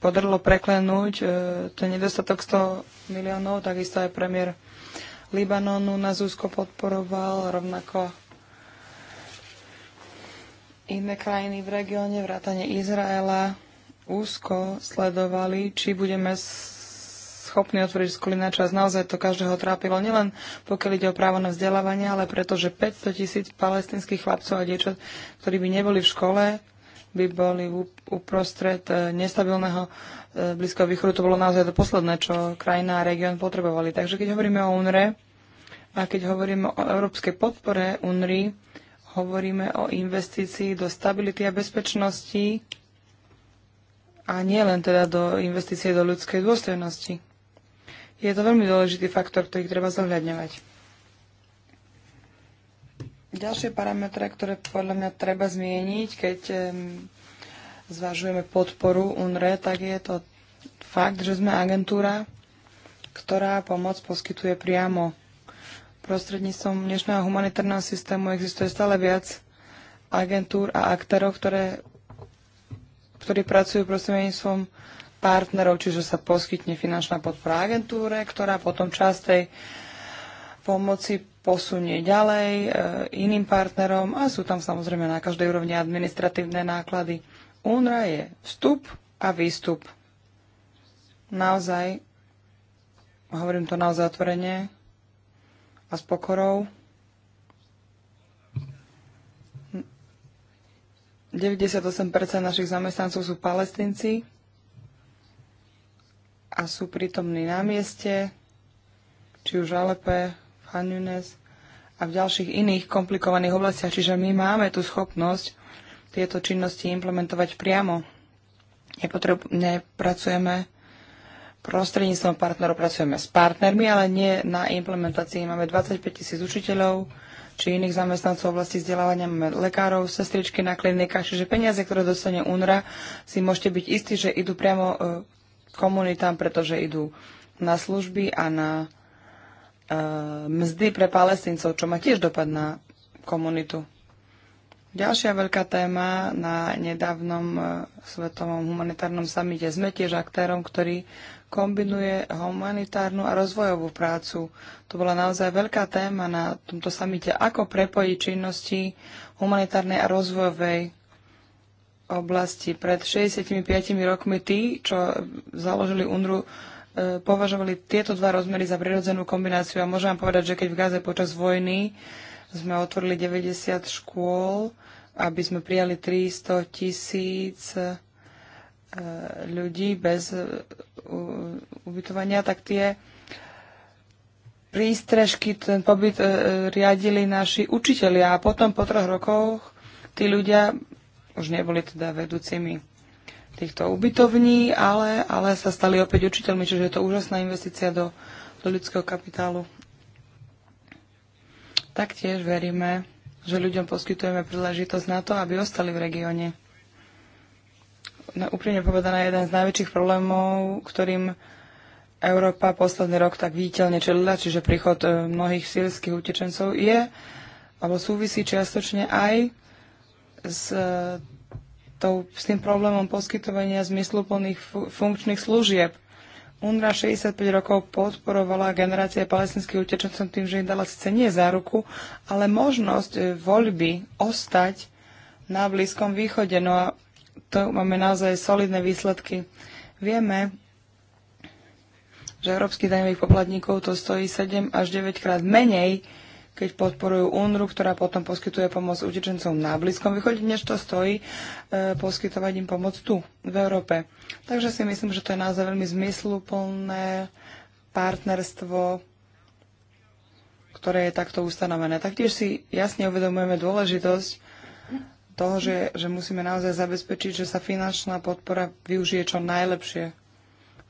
podarilo preklenúť e, ten nedostatok 100 miliónov, takisto aj premiér Libanonu nás úzko podporoval, rovnako iné krajiny v regióne, vrátane Izraela, úzko sledovali, či budeme schopní otvoriť školy na čas. Naozaj to každého trápilo, nielen pokiaľ ide o právo na vzdelávanie, ale pretože 500 tisíc palestinských chlapcov a diečat, ktorí by neboli v škole, by boli uprostred e, nestabilného e, Blízkoho východu. To bolo naozaj to posledné, čo krajina a región potrebovali. Takže keď hovoríme o UNRE a keď hovoríme o európskej podpore UNRI, hovoríme o investícii do stability a bezpečnosti a nielen teda do investície do ľudskej dôstojnosti. Je to veľmi dôležitý faktor, ktorý treba zohľadňovať. Ďalšie parametre, ktoré podľa mňa treba zmieniť, keď zvažujeme podporu UNRE, tak je to fakt, že sme agentúra, ktorá pomoc poskytuje priamo Prostredníctvom dnešného humanitárneho systému existuje stále viac agentúr a aktérov, ktoré, ktorí pracujú prostredníctvom partnerov, čiže sa poskytne finančná podpora agentúre, ktorá potom časť tej pomoci posunie ďalej e, iným partnerom a sú tam samozrejme na každej úrovni administratívne náklady. UNRA je vstup a výstup. Naozaj, hovorím to naozaj otvorene, a s pokorou. 98% našich zamestnancov sú palestinci a sú prítomní na mieste, či už v Alepe, v Hanunes a v ďalších iných komplikovaných oblastiach. Čiže my máme tú schopnosť tieto činnosti implementovať priamo. Nepotreb- nepracujeme prostredníctvom partnerov pracujeme s partnermi, ale nie na implementácii. Máme 25 tisíc učiteľov či iných zamestnancov v oblasti vzdelávania, máme lekárov, sestričky na klinikách, čiže peniaze, ktoré dostane UNRA, si môžete byť istí, že idú priamo e, komunitám, pretože idú na služby a na e, mzdy pre palestíncov, čo má tiež dopad na komunitu. Ďalšia veľká téma na nedávnom e, svetovom humanitárnom samite sme tiež aktérom, ktorý kombinuje humanitárnu a rozvojovú prácu. To bola naozaj veľká téma na tomto samite, ako prepojiť činnosti humanitárnej a rozvojovej oblasti. Pred 65 rokmi tí, čo založili UNRU, e, považovali tieto dva rozmery za prirodzenú kombináciu a môžem vám povedať, že keď v Gaze počas vojny sme otvorili 90 škôl, aby sme prijali 300 tisíc e, ľudí bez ubytovania, tak tie prístrežky, ten pobyt e, e, riadili naši učitelia a potom po troch rokoch tí ľudia už neboli teda vedúcimi týchto ubytovní, ale, ale sa stali opäť učiteľmi, čiže je to úžasná investícia do, do ľudského kapitálu. Taktiež veríme, že ľuďom poskytujeme príležitosť na to, aby ostali v regióne na no, úprimne povedané jeden z najväčších problémov, ktorým Európa posledný rok tak viditeľne čelila, čiže príchod e, mnohých sírskych utečencov je, alebo súvisí čiastočne aj s, e, tou, s tým problémom poskytovania zmysluplných funkčných služieb. UNRA 65 rokov podporovala generácia palestinských utečencov tým, že im dala síce nie záruku, ale možnosť e, voľby ostať na Blízkom východe. No a to máme naozaj solidné výsledky. Vieme, že európskych daňových poplatníkov to stojí 7 až 9 krát menej, keď podporujú UNRU, ktorá potom poskytuje pomoc utečencom na Blízkom východe, než to stojí e, poskytovať im pomoc tu, v Európe. Takže si myslím, že to je naozaj veľmi zmysluplné partnerstvo, ktoré je takto ustanovené. Taktiež si jasne uvedomujeme dôležitosť toho, že, že musíme naozaj zabezpečiť, že sa finančná podpora využije čo najlepšie.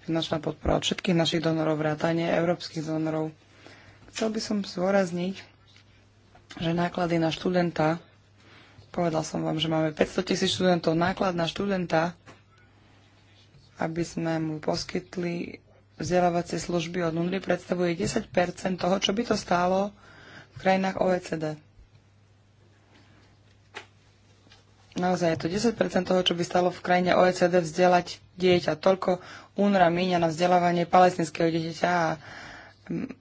Finančná podpora od všetkých našich donorov, vrátane európskych donorov. Chcel by som zvorazniť, že náklady na študenta, povedal som vám, že máme 500 tisíc študentov, náklad na študenta, aby sme mu poskytli vzdelávacie služby od UNRI, predstavuje 10 toho, čo by to stálo v krajinách OECD. Naozaj je to 10% toho, čo by stalo v krajine OECD vzdelať dieťa. Toľko únra míňa na vzdelávanie palestinského dieťa a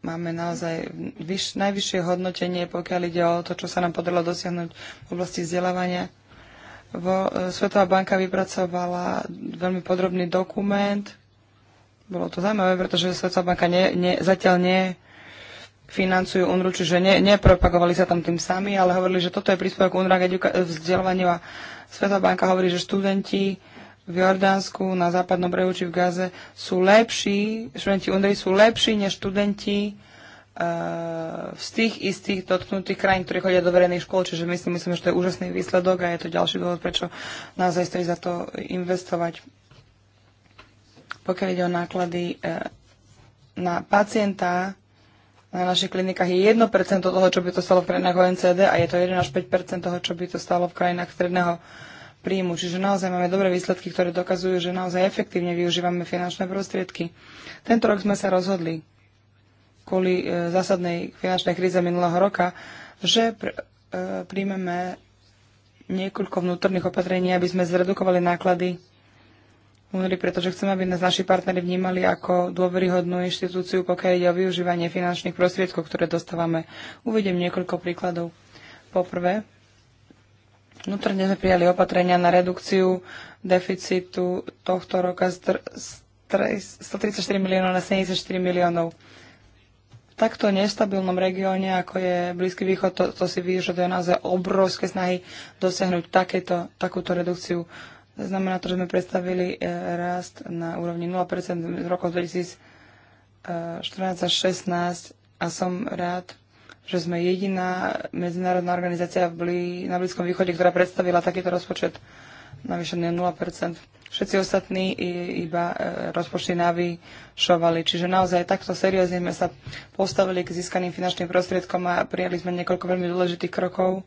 máme naozaj vyš, najvyššie hodnotenie, pokiaľ ide o to, čo sa nám podarilo dosiahnuť v oblasti vzdelávania. Vo, e, Svetová banka vypracovala veľmi podrobný dokument. Bolo to zaujímavé, pretože Svetová banka ne, ne, zatiaľ nie financujú UNRU, čiže ne, nepropagovali sa tam tým sami, ale hovorili, že toto je príspevok UNRU k vzdelávaniu a Svetová banka hovorí, že študenti v Jordánsku, na západnom brehu či v Gaze sú lepší, študenti UNRU sú lepší než študenti uh, z tých istých dotknutých krajín, ktorí chodia do verejných škôl, čiže myslím, myslím, že to je úžasný výsledok a je to ďalší dôvod, prečo naozaj stojí za to investovať. Pokiaľ ide o náklady uh, na pacienta, na našich klinikách je 1% toho, čo by to stalo v krajinách OECD a je to 1 až 5% toho, čo by to stalo v krajinách stredného príjmu. Čiže naozaj máme dobré výsledky, ktoré dokazujú, že naozaj efektívne využívame finančné prostriedky. Tento rok sme sa rozhodli kvôli e, zásadnej finančnej kríze minulého roka, že pr- e, príjmeme niekoľko vnútorných opatrení, aby sme zredukovali náklady únory, pretože chceme, aby nás naši partnery vnímali ako dôveryhodnú inštitúciu, pokiaľ ide o využívanie finančných prostriedkov, ktoré dostávame. Uvediem niekoľko príkladov. Poprvé, vnútorne sme prijali opatrenia na redukciu deficitu tohto roka z 134 miliónov na 74 miliónov V takto nestabilnom regióne, ako je Blízky východ, to, to si vyžaduje naozaj obrovské snahy dosiahnuť takéto, takúto redukciu Znamená to, že sme predstavili e, rast na úrovni 0% v roku 2014 2016 a som rád, že sme jediná medzinárodná organizácia na Blízkom východe, ktorá predstavila takýto rozpočet navýšený 0%. Všetci ostatní iba e, rozpočty navýšovali. Čiže naozaj takto seriózne sme sa postavili k získaným finančným prostriedkom a prijali sme niekoľko veľmi dôležitých krokov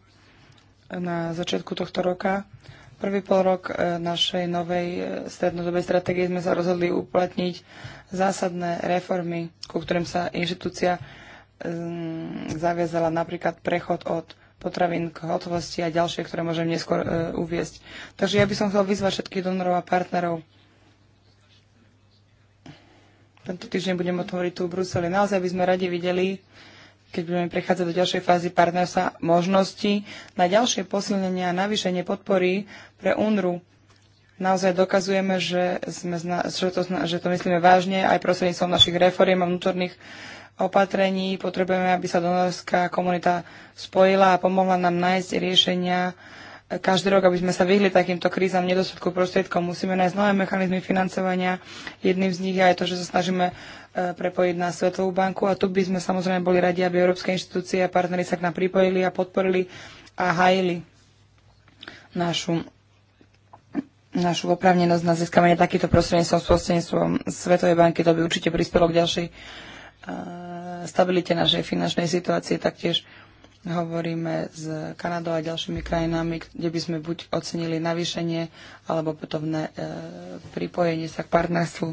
na začiatku tohto roka. Prvý pol rok e, našej novej e, strednodobej stratégie sme sa rozhodli uplatniť zásadné reformy, ku ktorým sa inštitúcia e, zaviazala napríklad prechod od potravín k hotovosti a ďalšie, ktoré môžem neskôr uviesť. Takže ja by som chcel vyzvať všetkých donorov a partnerov. Tento týždeň budem otvoriť tu v Bruseli. Naozaj by sme radi videli, keď budeme prechádzať do ďalšej fázy partnerstva, možnosti na ďalšie posilnenie a navýšenie podpory pre UNRU. Naozaj dokazujeme, že, sme, že, to, že to myslíme vážne aj prostredníctvom našich reforiem a vnútorných opatrení. Potrebujeme, aby sa donorská komunita spojila a pomohla nám nájsť riešenia každý rok, aby sme sa vyhli takýmto krízam nedostatku prostriedkov. Musíme nájsť nové mechanizmy financovania. Jedným z nich je aj to, že sa snažíme e, prepojiť na Svetovú banku a tu by sme samozrejme boli radi, aby európske inštitúcie a partnery sa k nám pripojili a podporili a hajili našu našu oprávnenosť na získavanie takýchto prostredníctvom prostredníctvom Svetovej banky. To by určite prispelo k ďalšej e, stabilite našej finančnej situácie. Taktiež hovoríme s Kanadou a ďalšími krajinami, kde by sme buď ocenili navýšenie alebo potovné e, pripojenie sa k partnerstvu.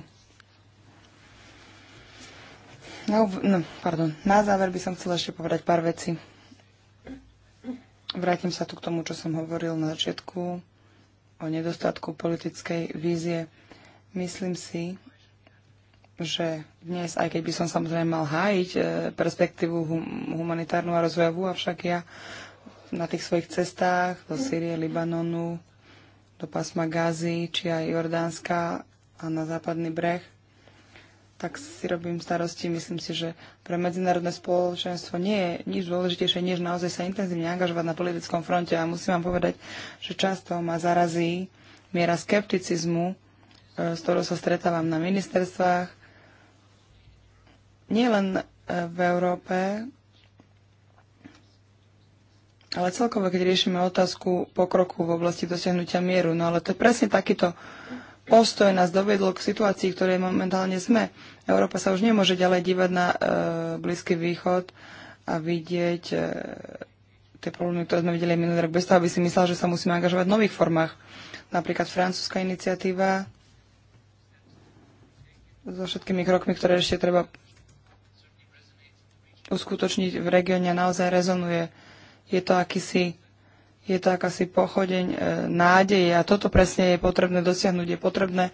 No, no, pardon. Na záver by som chcela ešte povedať pár vecí. Vrátim sa tu k tomu, čo som hovoril na začiatku o nedostatku politickej vízie. Myslím si, že dnes, aj keď by som samozrejme mal hájiť e, perspektívu humanitárnu a rozvojovú, avšak ja na tých svojich cestách do Sýrie, Libanonu, do pásma Gazy, či aj Jordánska a na západný breh, tak si robím starosti. Myslím si, že pre medzinárodné spoločenstvo nie je nič dôležitejšie, než naozaj sa intenzívne angažovať na politickom fronte. A musím vám povedať, že často ma zarazí miera skepticizmu, e, s ktorou sa stretávam na ministerstvách, nielen e, v Európe, ale celkovo, keď riešime otázku pokroku v oblasti dosiahnutia mieru. No ale to je presne takýto postoj nás dovedlo k situácii, ktorej momentálne sme. Európa sa už nemôže ďalej dívať na e, Blízky východ a vidieť e, tie problémy, ktoré sme videli minulý rok, bez toho, aby si myslel, že sa musíme angažovať v nových formách. Napríklad francúzska iniciatíva so všetkými krokmi, ktoré ešte treba uskutočniť v regióne naozaj rezonuje. Je to akýsi je to akási pochodeň e, nádeje a toto presne je potrebné dosiahnuť. Je potrebné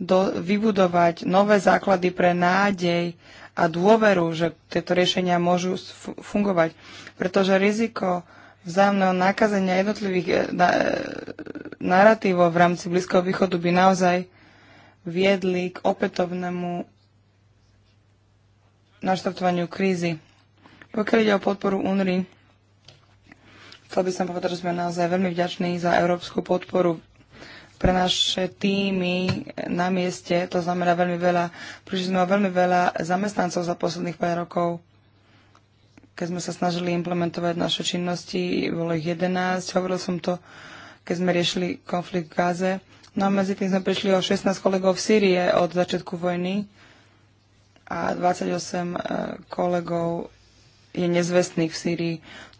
do, vybudovať nové základy pre nádej a dôveru, že tieto riešenia môžu fungovať. Pretože riziko vzájomného nakazenia jednotlivých e, na, e, narratívov v rámci Blízkoho východu by naozaj viedli k opätovnému naštartovaniu krízy. Pokiaľ ide o podporu UNRI, chcel by som povedať, že sme naozaj veľmi vďační za európsku podporu pre naše týmy na mieste, to znamená veľmi veľa, prišli sme o veľmi veľa zamestnancov za posledných pár rokov, keď sme sa snažili implementovať naše činnosti, bolo ich 11, hovoril som to, keď sme riešili konflikt v Gáze. No a medzi tým sme prišli o 16 kolegov v Sýrie od začiatku vojny a 28 eh, kolegov je nezvestný v Sýrii.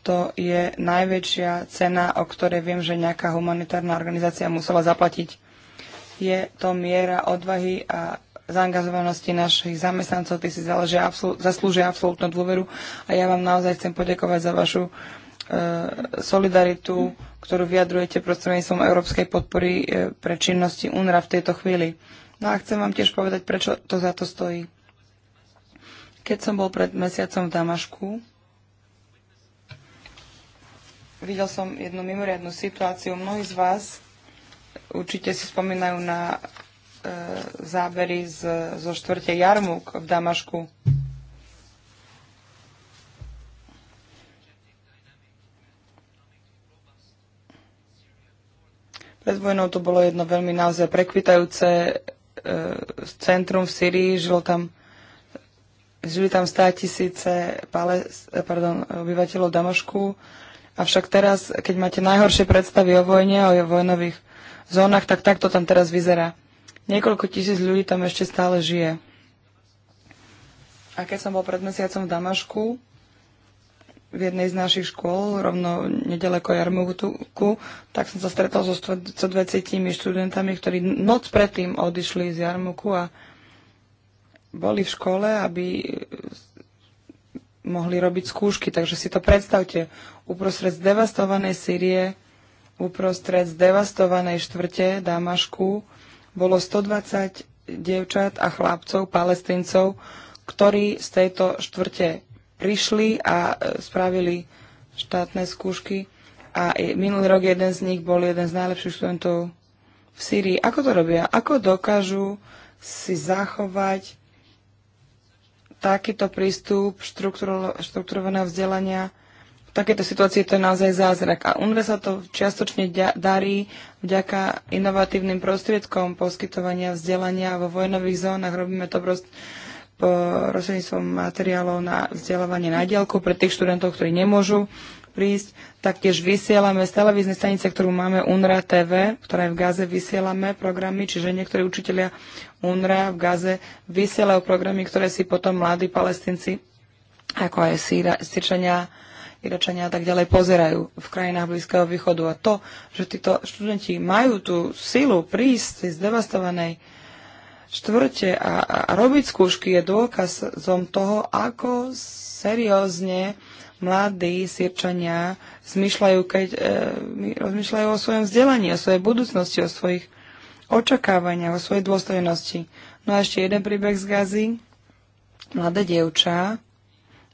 To je najväčšia cena, o ktorej viem, že nejaká humanitárna organizácia musela zaplatiť. Je to miera odvahy a zaangažovanosti našich zamestnancov, tí si absol- zaslúžia absolútnu dôveru a ja vám naozaj chcem poďakovať za vašu e, solidaritu, ktorú vyjadrujete prostredníctvom európskej podpory e, pre činnosti UNRA v tejto chvíli. No a chcem vám tiež povedať, prečo to za to stojí. Keď som bol pred mesiacom v Damašku, videl som jednu mimoriadnú situáciu. Mnohí z vás určite si spomínajú na e, zábery z, zo štvrte Jarmuk v Damašku. Pred vojnou to bolo jedno veľmi naozaj prekvitajúce e, centrum v Syrii. Žilo tam žili tam stá tisíce pardon, obyvateľov Damašku, avšak teraz, keď máte najhoršie predstavy o vojne, o vojnových zónach, tak takto tam teraz vyzerá. Niekoľko tisíc ľudí tam ešte stále žije. A keď som bol pred mesiacom v Damašku, v jednej z našich škôl, rovno nedaleko Jarmuku, tak som sa stretol so 120 študentami, ktorí noc predtým odišli z Jarmuku a boli v škole, aby mohli robiť skúšky. Takže si to predstavte. Uprostred zdevastovanej Syrie, uprostred zdevastovanej štvrte Damašku bolo 120 dievčat a chlapcov, palestíncov, ktorí z tejto štvrte prišli a e, spravili štátne skúšky. A minulý rok jeden z nich bol jeden z najlepších študentov v Syrii. Ako to robia? Ako dokážu si zachovať takýto prístup štrukturovaného vzdelania v takejto situácii to je naozaj zázrak. A UNRE sa to čiastočne darí vďaka inovatívnym prostriedkom poskytovania vzdelania vo vojnových zónach. Robíme to prost- prostredníctvom materiálov na vzdelávanie na dielku pre tých študentov, ktorí nemôžu prísť. Taktiež vysielame z televíznej stanice, ktorú máme UNRA TV, ktorá je v Gaze, vysielame programy, čiže niektorí učitelia UNRA v Gaze vysielajú programy, ktoré si potom mladí palestinci, ako aj Sýrčania, Iračania a tak ďalej pozerajú v krajinách Blízkeho východu. A to, že títo študenti majú tú silu prísť z devastovanej štvrte a, a robiť skúšky je dôkazom toho, ako seriózne mladí Sirčania zmyšľajú, keď e, rozmýšľajú o svojom vzdelaní, o svojej budúcnosti, o svojich očakávania, o svojej dôstojnosti. No a ešte jeden príbeh z Gazy. Mladé dievča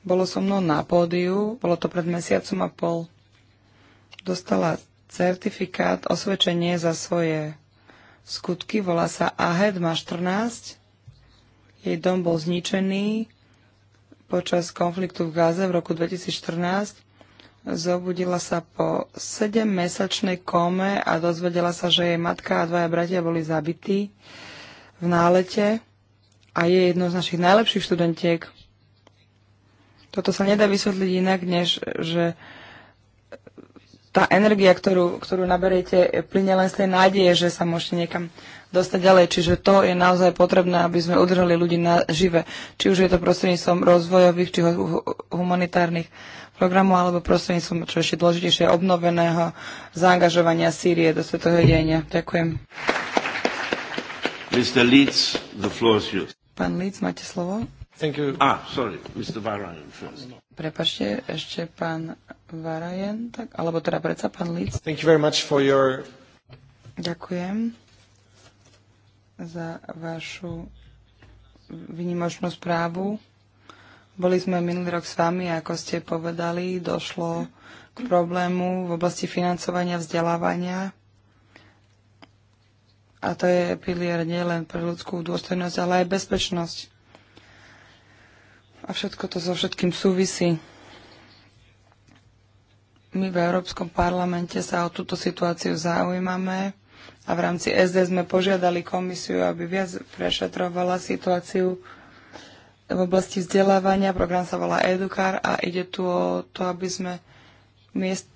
bolo so mnou na pódiu, bolo to pred mesiacom a pol. Dostala certifikát, osvedčenie za svoje skutky, volá sa Ahed, má 14. Jej dom bol zničený počas konfliktu v Gáze v roku 2014 Zobudila sa po 7-mesačnej kome a dozvedela sa, že jej matka a dvaja bratia boli zabití v nálete a je jednou z našich najlepších študentiek. Toto sa nedá vysvetliť inak, než že tá energia, ktorú, ktorú naberiete, plyne len z tej nádeje, že sa môžete niekam dostať ďalej. Čiže to je naozaj potrebné, aby sme udržali ľudí na žive. Či už je to prostredníctvom rozvojových či humanitárnych programu alebo prostredníctvom, čo ešte dôležitejšie, obnoveného zaangažovania Sýrie do svetového dejenia. Ďakujem. Mr. Leeds, the floor is yours. Pán Leeds, máte slovo. Thank you. Ah, sorry, Mr. Varajan first. Prepačte, ešte pán Varajan, tak, alebo teda predsa pán Leeds. Thank you very much for your... Ďakujem za vašu vynimočnú správu. Boli sme minulý rok s vami, ako ste povedali, došlo k problému v oblasti financovania vzdelávania. A to je pilier nielen pre ľudskú dôstojnosť, ale aj bezpečnosť. A všetko to so všetkým súvisí. My v Európskom parlamente sa o túto situáciu zaujímame a v rámci SD sme požiadali komisiu, aby viac prešetrovala situáciu v oblasti vzdelávania. Program sa volá EduKar a ide tu o to, aby sme, miest,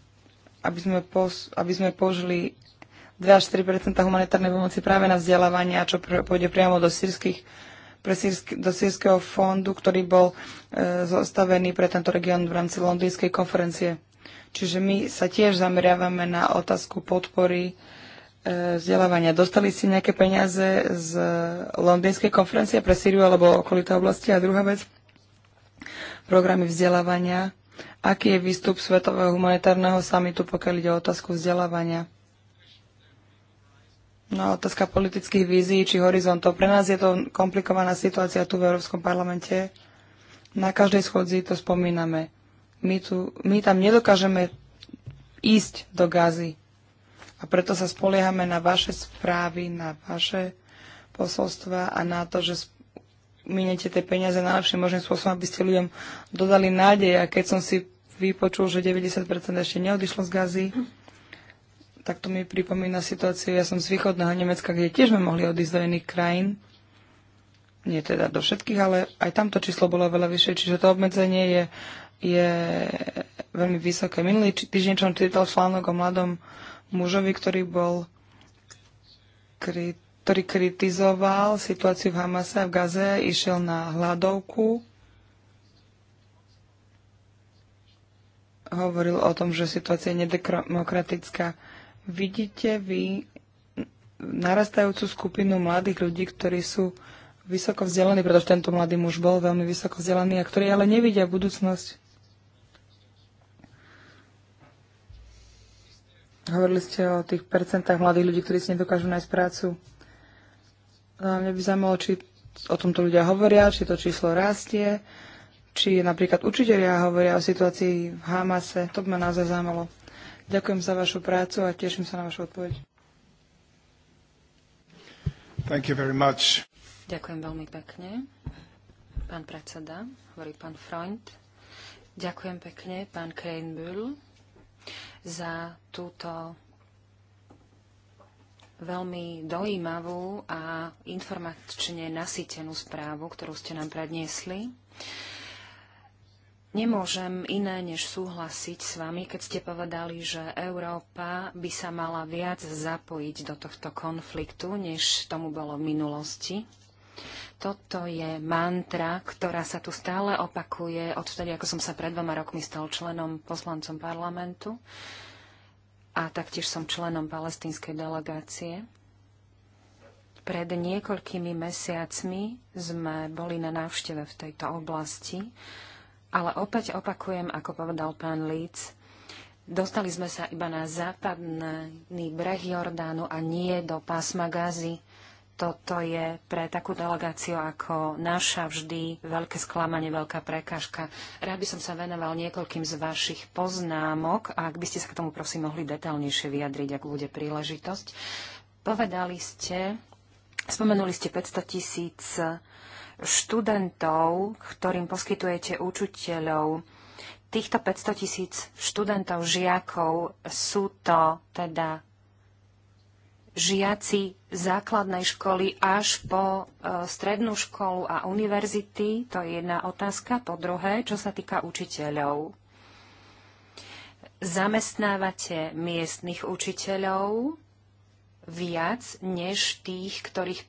aby sme, pos, aby sme použili 2 až 4 humanitárnej pomoci práve na vzdelávanie, a čo pôjde priamo do sírskych pre sírsky, do sírskeho fondu, ktorý bol e, zostavený pre tento región v rámci londýnskej konferencie. Čiže my sa tiež zameriavame na otázku podpory E, vzdelávania. Dostali si nejaké peniaze z londýnskej konferencie pre Syriu alebo okolité oblasti? A druhá vec, programy vzdelávania. Aký je výstup Svetového humanitárneho samitu, pokiaľ ide o otázku vzdelávania? No, otázka politických vízií či horizontov. Pre nás je to komplikovaná situácia tu v Európskom parlamente. Na každej schodzi to spomíname. My, tu, my tam nedokážeme ísť do Gazy. A preto sa spoliehame na vaše správy, na vaše posolstva a na to, že minete tie peniaze najlepším možným spôsobom, aby ste ľuďom dodali nádej. A keď som si vypočul, že 90% ešte neodišlo z gazy, tak to mi pripomína situáciu. Ja som z východného Nemecka, kde tiež sme mohli odísť do iných krajín. Nie teda do všetkých, ale aj tamto číslo bolo veľa vyššie, čiže to obmedzenie je, je veľmi vysoké. Minulý týždeň som čítal článok o mladom mužovi, ktorý bol ktorý kritizoval situáciu v Hamase a v Gaze, išiel na hľadovku, hovoril o tom, že situácia je nedemokratická. Vidíte vy narastajúcu skupinu mladých ľudí, ktorí sú vysoko vzdelaní, pretože tento mladý muž bol veľmi vysoko vzdelaný a ktorí ale nevidia budúcnosť Hovorili ste o tých percentách mladých ľudí, ktorí si nedokážu nájsť prácu. A mňa by zaujímalo, či o tomto ľudia hovoria, či to číslo rastie, či napríklad učiteľia hovoria o situácii v Hamase. To by ma naozaj zaujímalo. Ďakujem za vašu prácu a teším sa na vašu odpoveď. Thank you very much. Ďakujem veľmi pekne. Pán predseda, hovorí pán Freund. Ďakujem pekne, pán Kreinbühl za túto veľmi dojímavú a informačne nasýtenú správu, ktorú ste nám predniesli. Nemôžem iné než súhlasiť s vami, keď ste povedali, že Európa by sa mala viac zapojiť do tohto konfliktu, než tomu bolo v minulosti. Toto je mantra, ktorá sa tu stále opakuje odtedy, ako som sa pred dvoma rokmi stal členom poslancom parlamentu a taktiež som členom palestínskej delegácie. Pred niekoľkými mesiacmi sme boli na návšteve v tejto oblasti, ale opäť opakujem, ako povedal pán Líc, dostali sme sa iba na západný breh Jordánu a nie do pásma Gazy toto je pre takú delegáciu ako naša vždy veľké sklamanie, veľká prekážka. Rád by som sa venoval niekoľkým z vašich poznámok a ak by ste sa k tomu prosím mohli detaľnejšie vyjadriť, ak bude príležitosť. Povedali ste, spomenuli ste 500 tisíc študentov, ktorým poskytujete učiteľov. Týchto 500 tisíc študentov, žiakov sú to teda žiaci základnej školy až po e, strednú školu a univerzity? To je jedna otázka. Po druhé, čo sa týka učiteľov. Zamestnávate miestnych učiteľov viac než tých, ktorých e,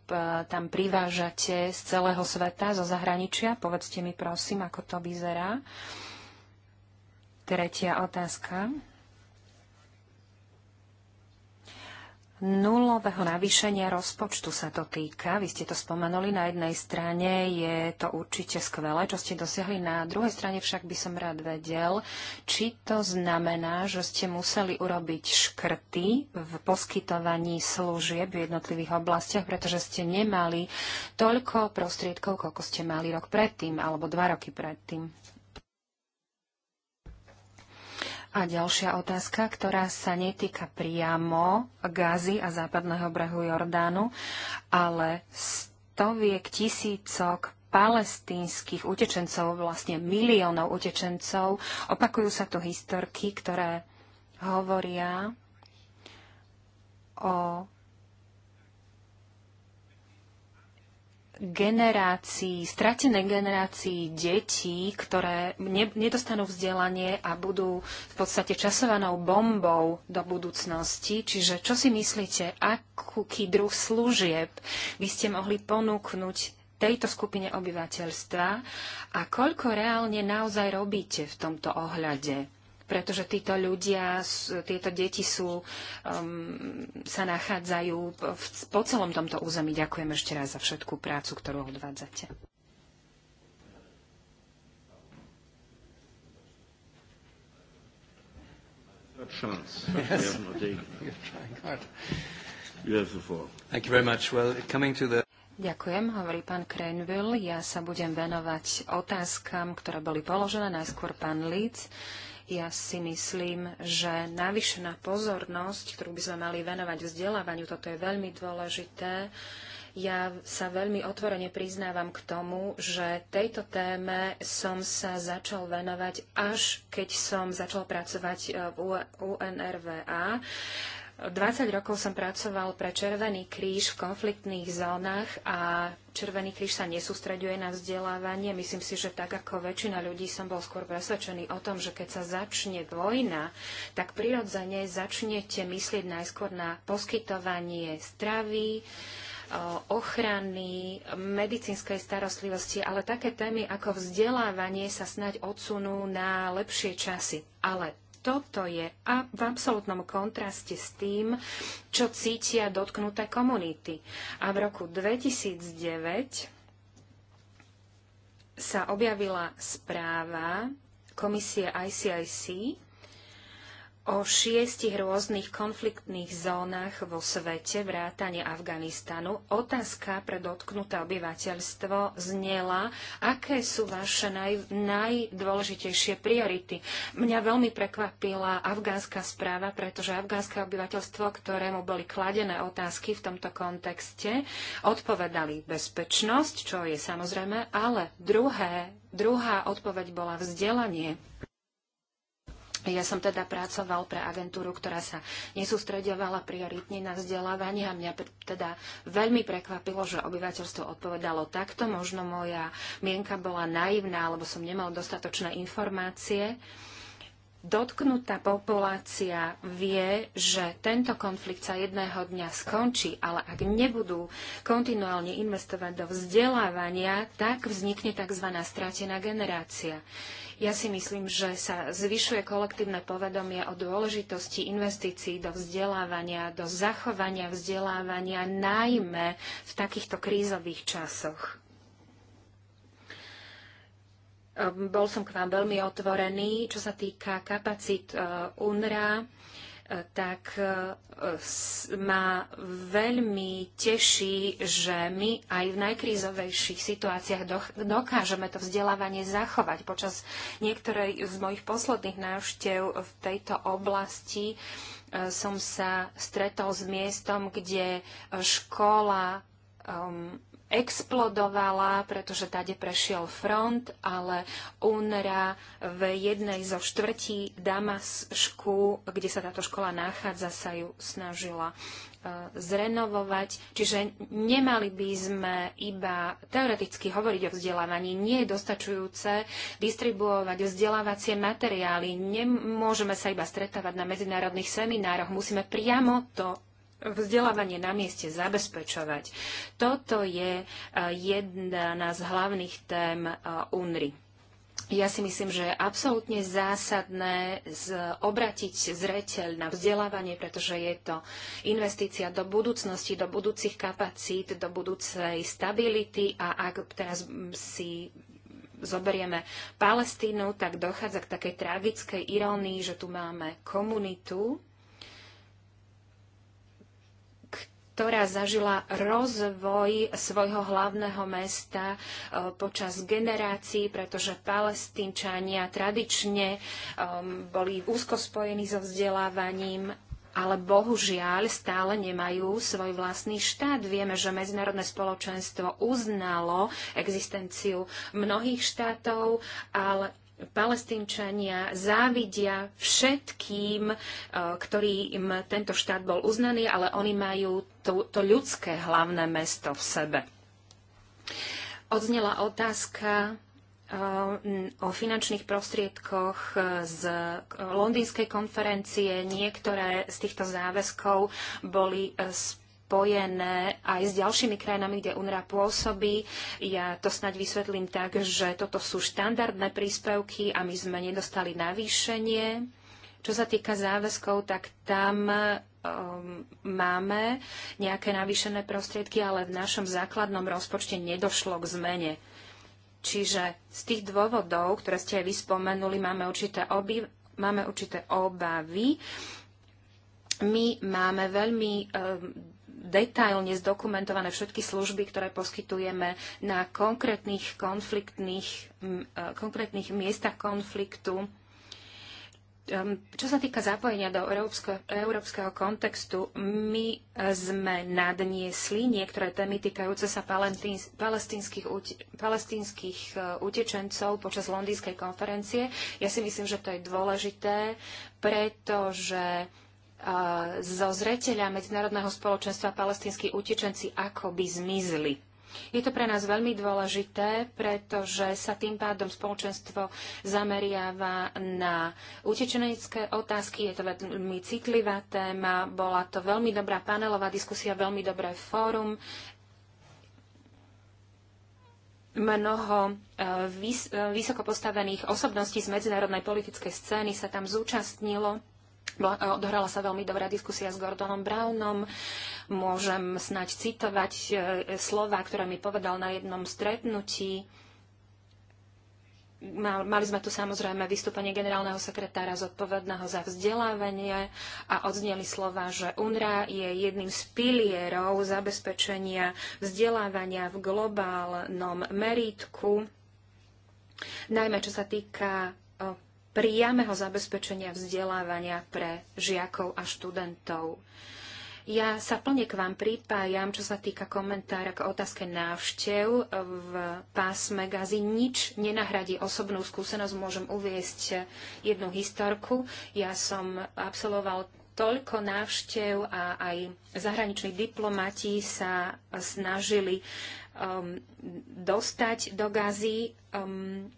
tam privážate z celého sveta, zo zahraničia? Povedzte mi prosím, ako to vyzerá. Tretia otázka nulového navýšenia rozpočtu sa to týka. Vy ste to spomenuli na jednej strane, je to určite skvelé, čo ste dosiahli. Na druhej strane však by som rád vedel, či to znamená, že ste museli urobiť škrty v poskytovaní služieb v jednotlivých oblastiach, pretože ste nemali toľko prostriedkov, koľko ste mali rok predtým alebo dva roky predtým. A ďalšia otázka, ktorá sa netýka priamo Gázy a západného brehu Jordánu, ale stoviek tisícok palestínskych utečencov, vlastne miliónov utečencov. Opakujú sa tu historky, ktoré hovoria o generácií, stratené generácií detí, ktoré ne, nedostanú vzdelanie a budú v podstate časovanou bombou do budúcnosti. Čiže čo si myslíte, aký druh služieb by ste mohli ponúknuť tejto skupine obyvateľstva a koľko reálne naozaj robíte v tomto ohľade? pretože títo ľudia, tieto deti sú, um, sa nachádzajú v, po celom tomto území. Ďakujem ešte raz za všetkú prácu, ktorú odvádzate. Ďakujem, hovorí pán Krenville. Ja sa budem venovať otázkam, ktoré boli položené, najskôr pán Líc. Ja si myslím, že navýšená pozornosť, ktorú by sme mali venovať vzdelávaniu, toto je veľmi dôležité. Ja sa veľmi otvorene priznávam k tomu, že tejto téme som sa začal venovať až keď som začal pracovať eh, v UNRVA. 20 rokov som pracoval pre Červený kríž v konfliktných zónach a Červený kríž sa nesústreďuje na vzdelávanie. Myslím si, že tak ako väčšina ľudí som bol skôr presvedčený o tom, že keď sa začne vojna, tak prirodzene začnete myslieť najskôr na poskytovanie stravy, ochrany, medicínskej starostlivosti, ale také témy ako vzdelávanie sa snať odsunú na lepšie časy. Ale toto je a v absolútnom kontraste s tým, čo cítia dotknuté komunity. A v roku 2009 sa objavila správa komisie ICIC, o šiestich rôznych konfliktných zónach vo svete, vrátane Afganistanu. Otázka pre dotknuté obyvateľstvo znela, aké sú vaše naj, najdôležitejšie priority. Mňa veľmi prekvapila afgánska správa, pretože afgánske obyvateľstvo, ktorému boli kladené otázky v tomto kontexte, odpovedali bezpečnosť, čo je samozrejme, ale druhé, druhá odpoveď bola vzdelanie ja som teda pracoval pre agentúru, ktorá sa nesústredovala prioritne na vzdelávanie a mňa teda veľmi prekvapilo, že obyvateľstvo odpovedalo takto. Možno moja mienka bola naivná, alebo som nemal dostatočné informácie. Uh, dotknutá populácia vie, že tento konflikt sa jedného dňa skončí, ale ak nebudú kontinuálne investovať do vzdelávania, tak vznikne tzv. stratená generácia. Ja si myslím, že sa zvyšuje kolektívne povedomie o dôležitosti investícií do vzdelávania, do zachovania vzdelávania, najmä v takýchto krízových časoch. Ehm, bol som k vám veľmi otvorený, čo sa týka kapacít e, UNRA e, tak e, ma veľmi teší, že my aj v najkrízovejších situáciách dokážeme to vzdelávanie zachovať. Počas niektorej z mojich posledných návštev v tejto oblasti som sa stretol s miestom, kde škola um, explodovala, pretože tade prešiel front, ale UNRA v jednej zo štvrtí Damasku, kde sa táto škola nachádza, sa ju snažila e, zrenovovať. Čiže nemali by sme iba teoreticky hovoriť o vzdelávaní. Nie je dostačujúce distribuovať vzdelávacie materiály. Nemôžeme sa iba stretávať na medzinárodných seminároch. Musíme priamo to vzdelávanie na mieste zabezpečovať. Toto je e, jedna z hlavných tém e, UNRI. Ja si myslím, že je absolútne zásadné z, obratiť zreteľ na vzdelávanie, pretože je to investícia do budúcnosti, do budúcich kapacít, do budúcej stability a ak teraz si zoberieme Palestínu, tak dochádza k takej tragickej irónii, že tu máme komunitu, ktorá zažila rozvoj svojho hlavného mesta e, počas generácií, pretože palestínčania tradične e, boli úzko spojení so vzdelávaním ale bohužiaľ stále nemajú svoj vlastný štát. Vieme, že medzinárodné spoločenstvo uznalo existenciu mnohých štátov, ale palestínčania závidia všetkým, e, ktorým im tento štát bol uznaný, ale oni majú to, to ľudské hlavné mesto v sebe. Odznela otázka e, o finančných prostriedkoch z londýnskej konferencie. Niektoré z týchto záväzkov boli sp- e, spojené aj s ďalšími krajinami, kde UNRA pôsobí. Ja to snaď vysvetlím tak, že toto sú štandardné príspevky a my sme nedostali navýšenie. Čo sa týka záväzkov, tak tam um, máme nejaké navýšené prostriedky, ale v našom základnom rozpočte nedošlo k zmene. Čiže z tých dôvodov, ktoré ste aj vyspomenuli, máme určité, oby, máme určité obavy. My máme veľmi um, detailne zdokumentované všetky služby, ktoré poskytujeme na konkrétnych konfliktných, e, konkrétnych miestach konfliktu. Čo sa týka zapojenia do európsko, európskeho kontextu, my sme nadniesli niektoré témy týkajúce sa palestínskych, palestínskych e, utečencov počas londýnskej konferencie. Ja si myslím, že to je dôležité, pretože zo zreteľa medzinárodného spoločenstva palestinskí utečenci akoby zmizli. Je to pre nás veľmi dôležité, pretože sa tým pádom spoločenstvo zameriava na utečenecké otázky. Je to veľmi citlivá téma, bola to veľmi dobrá panelová diskusia, veľmi dobré fórum mnoho e, vys e, vysoko postavených osobností z medzinárodnej politickej scény sa tam zúčastnilo. Eh, odohrala sa veľmi dobrá diskusia s Gordonom Brownom. Môžem snať citovať eh, slova, ktoré mi povedal na jednom stretnutí. Mali sme tu samozrejme vystúpenie generálneho sekretára zodpovedného za vzdelávanie a odzneli slova, že UNRA je jedným z pilierov zabezpečenia vzdelávania v globálnom meritku, najmä čo sa týka priameho zabezpečenia vzdelávania pre žiakov a študentov. Ja sa plne k vám pripájam, čo sa týka komentára k otázke návštev v pásme Gazi. Nič nenahradí osobnú skúsenosť. Môžem uviesť jednu historku. Ja som absolvoval toľko návštev a aj zahraniční diplomati sa snažili um, dostať do Gazy. Um,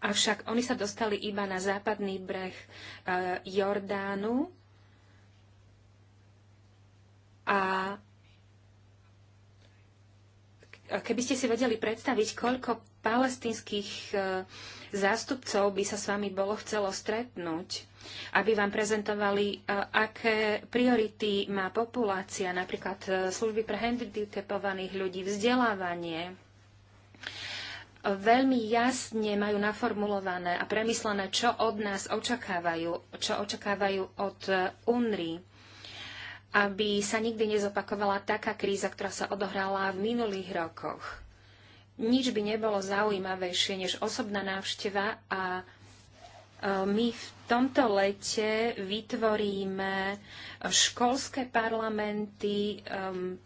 Avšak oni sa dostali iba na západný breh e, Jordánu a keby ste si vedeli predstaviť, koľko palestinských e, zástupcov by sa s vami bolo chcelo stretnúť, aby vám prezentovali, e, aké priority má populácia, napríklad služby pre handicapovaných ľudí, vzdelávanie, veľmi jasne majú naformulované a premyslené, čo od nás očakávajú, čo očakávajú od e, UNRI, aby sa nikdy nezopakovala taká kríza, ktorá sa odohrala v minulých rokoch. Nič by nebolo zaujímavejšie než osobná návšteva a e, my v tomto lete vytvoríme školské parlamenty, e,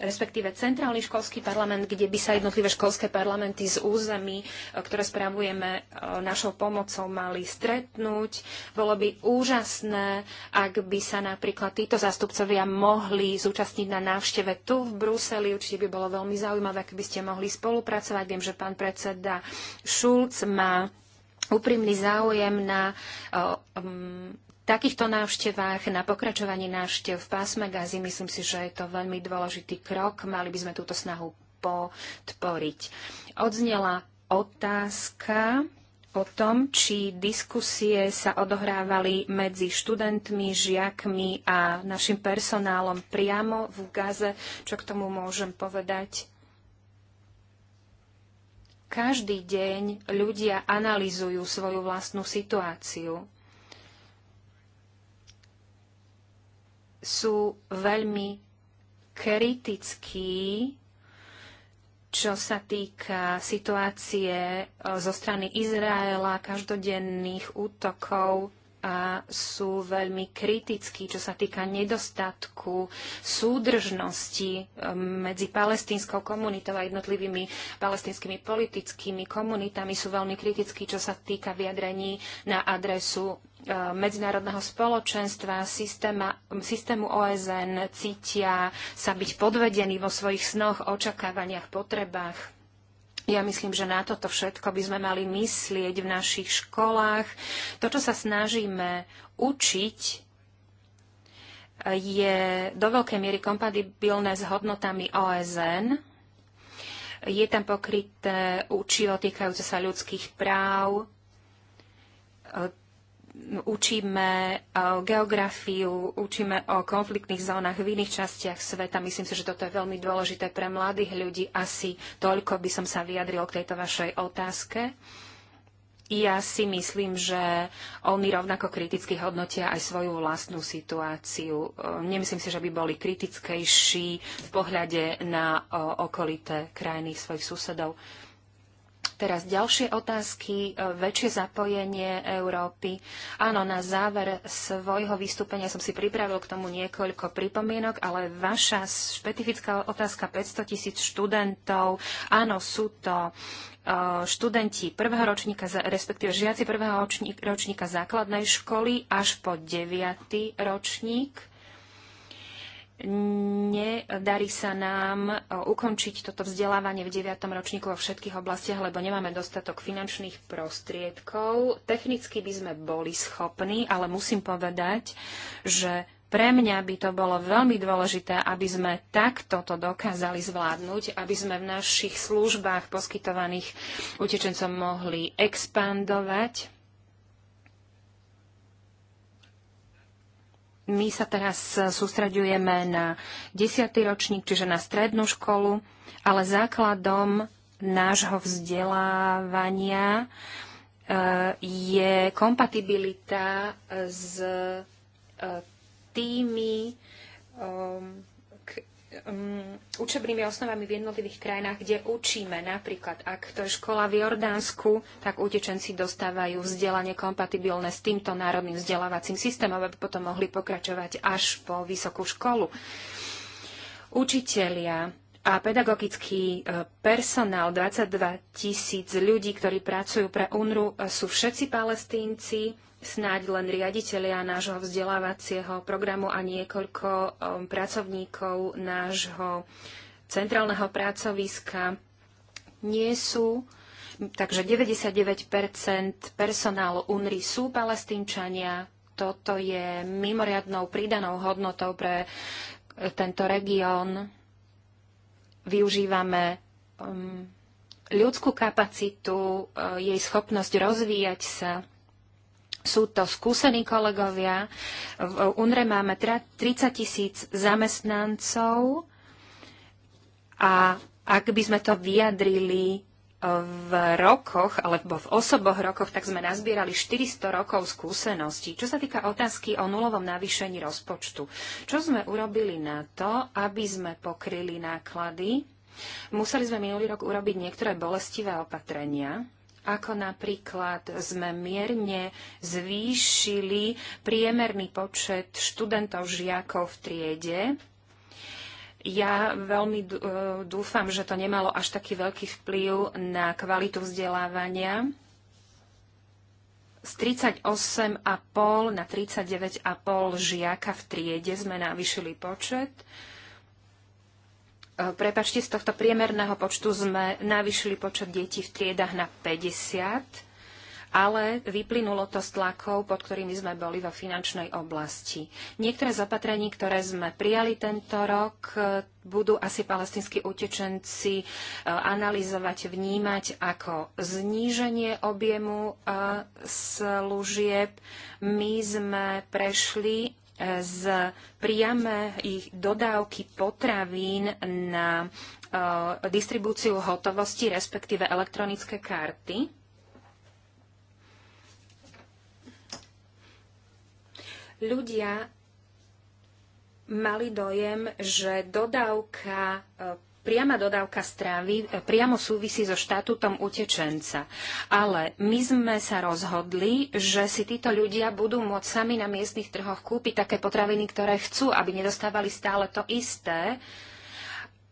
respektíve centrálny školský parlament, kde by sa jednotlivé školské parlamenty z území, e, ktoré spravujeme e, našou pomocou, mali stretnúť. Bolo by úžasné, ak by sa napríklad títo zástupcovia mohli zúčastniť na návšteve tu v Bruseli. Určite by bolo veľmi zaujímavé, ak by ste mohli spolupracovať. Viem, že pán predseda Šulc má úprimný záujem na e, takýchto návštevách, na pokračovanie návštev v pásme Gazi. Myslím si, že je to veľmi dôležitý krok. Mali by sme túto snahu podporiť. Odznela otázka o tom, či diskusie sa odohrávali medzi študentmi, žiakmi a našim personálom priamo v Gaze. Čo k tomu môžem povedať? Každý deň ľudia analizujú svoju vlastnú situáciu sú veľmi kritickí, čo sa týka situácie e, zo strany Izraela, každodenných útokov a sú veľmi kritickí, čo sa týka nedostatku súdržnosti e, medzi palestínskou komunitou a jednotlivými palestínskymi politickými komunitami. Sú veľmi kritickí, čo sa týka vyjadrení na adresu E, medzinárodného spoločenstva, systéma, systému OSN cítia sa byť podvedení vo svojich snoch, očakávaniach, potrebách. Ja myslím, že na toto všetko by sme mali myslieť v našich školách. To, čo sa snažíme učiť, je do veľkej miery kompatibilné s hodnotami OSN. Je tam pokryté učivo týkajúce sa ľudských práv, učíme e, geografiu, učíme o konfliktných zónach v iných častiach sveta. Myslím si, že toto je veľmi dôležité pre mladých ľudí. Asi toľko by som sa vyjadril k tejto vašej otázke. Ja si myslím, že oni rovnako kriticky hodnotia aj svoju vlastnú situáciu. E, nemyslím si, že by boli kritickejší v pohľade na okolité krajiny svojich susedov. Teraz ďalšie otázky, e, väčšie zapojenie Európy. Áno, na záver svojho vystúpenia som si pripravil k tomu niekoľko pripomienok, ale vaša špecifická otázka 500 tisíc študentov, áno, sú to e, študenti prvého ročníka, respektíve žiaci prvého ročníka základnej školy až po deviatý ročník nedarí sa nám e, ukončiť toto vzdelávanie v 9. ročníku vo všetkých oblastiach, lebo nemáme dostatok finančných prostriedkov. Technicky by sme boli schopní, ale musím povedať, že pre mňa by to bolo veľmi dôležité, aby sme takto to dokázali zvládnuť, aby sme v našich službách poskytovaných utečencom mohli expandovať my sa teraz sústreďujeme na 10. ročník, čiže na strednú školu, ale základom nášho vzdelávania e, je kompatibilita s e, tými e, um, učebnými osnovami v jednotlivých krajinách, kde učíme. Napríklad, ak to je škola v Jordánsku, tak utečenci dostávajú vzdelanie kompatibilné s týmto národným vzdelávacím systémom, aby potom mohli pokračovať až po vysokú školu. Učitelia a pedagogický e, personál 22 tisíc ľudí, ktorí pracujú pre UNRU, e, sú všetci palestínci, snáď len riaditeľia nášho vzdelávacieho programu a niekoľko um, pracovníkov nášho centrálneho pracoviska nie sú. Takže 99 personálu UNRI sú palestínčania. Toto je mimoriadnou pridanou hodnotou pre e, tento región. Využívame um, ľudskú kapacitu, e, jej schopnosť rozvíjať sa sú to skúsení kolegovia. V UNRE máme 30 tisíc zamestnancov a ak by sme to vyjadrili e, v rokoch, alebo v osoboch rokoch, tak sme nazbierali 400 rokov skúseností. Čo sa týka otázky o nulovom navýšení rozpočtu, čo sme urobili na to, aby sme pokryli náklady? Museli sme minulý rok urobiť niektoré bolestivé opatrenia, ako napríklad sme mierne zvýšili priemerný počet študentov, žiakov v triede. Ja veľmi e, dúfam, že to nemalo až taký veľký vplyv na kvalitu vzdelávania z 38,5 na 39,5 žiaka v triede sme navýšili počet Eh, prepačte, z tohto priemerného počtu sme navyšili počet detí v triedach na 50, ale vyplynulo to s tlakov, pod ktorými sme boli vo finančnej oblasti. Niektoré z opatrení, ktoré sme prijali tento rok, eh, budú asi palestinskí utečenci eh, analyzovať, vnímať ako zníženie objemu služieb. My sme prešli z priame ich dodávky potravín na e, distribúciu hotovosti, respektíve elektronické karty. Ľudia mali dojem, že dodávka e, priama dodávka strávy e, priamo súvisí so štatútom utečenca. Ale my sme sa rozhodli, že si títo ľudia budú môcť sami na miestnych trhoch kúpiť také potraviny, ktoré chcú, aby nedostávali stále to isté.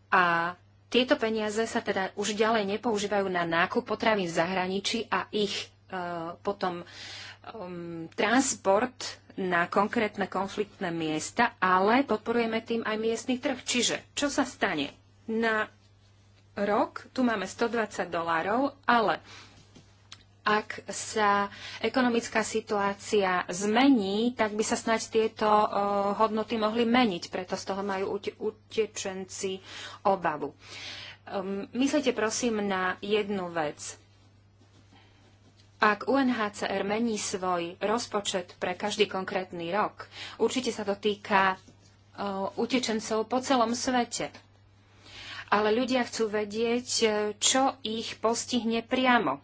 A tieto peniaze sa teda už ďalej nepoužívajú na nákup potravín v zahraničí a ich e, potom um, transport na konkrétne konfliktné miesta, ale podporujeme tým aj miestny trh. Čiže čo sa stane? na rok tu máme 120 dolárov, ale ak sa ekonomická situácia zmení, tak by sa snáď tieto uh, hodnoty mohli meniť, preto z toho majú utečenci obavu. Um, prosím na jednu vec. Ak UNHCR mení svoj rozpočet pre každý konkrétny rok, určite sa to týka uh, utečencov po celom svete ale ľudia chcú vedieť, e, čo ich postihne priamo.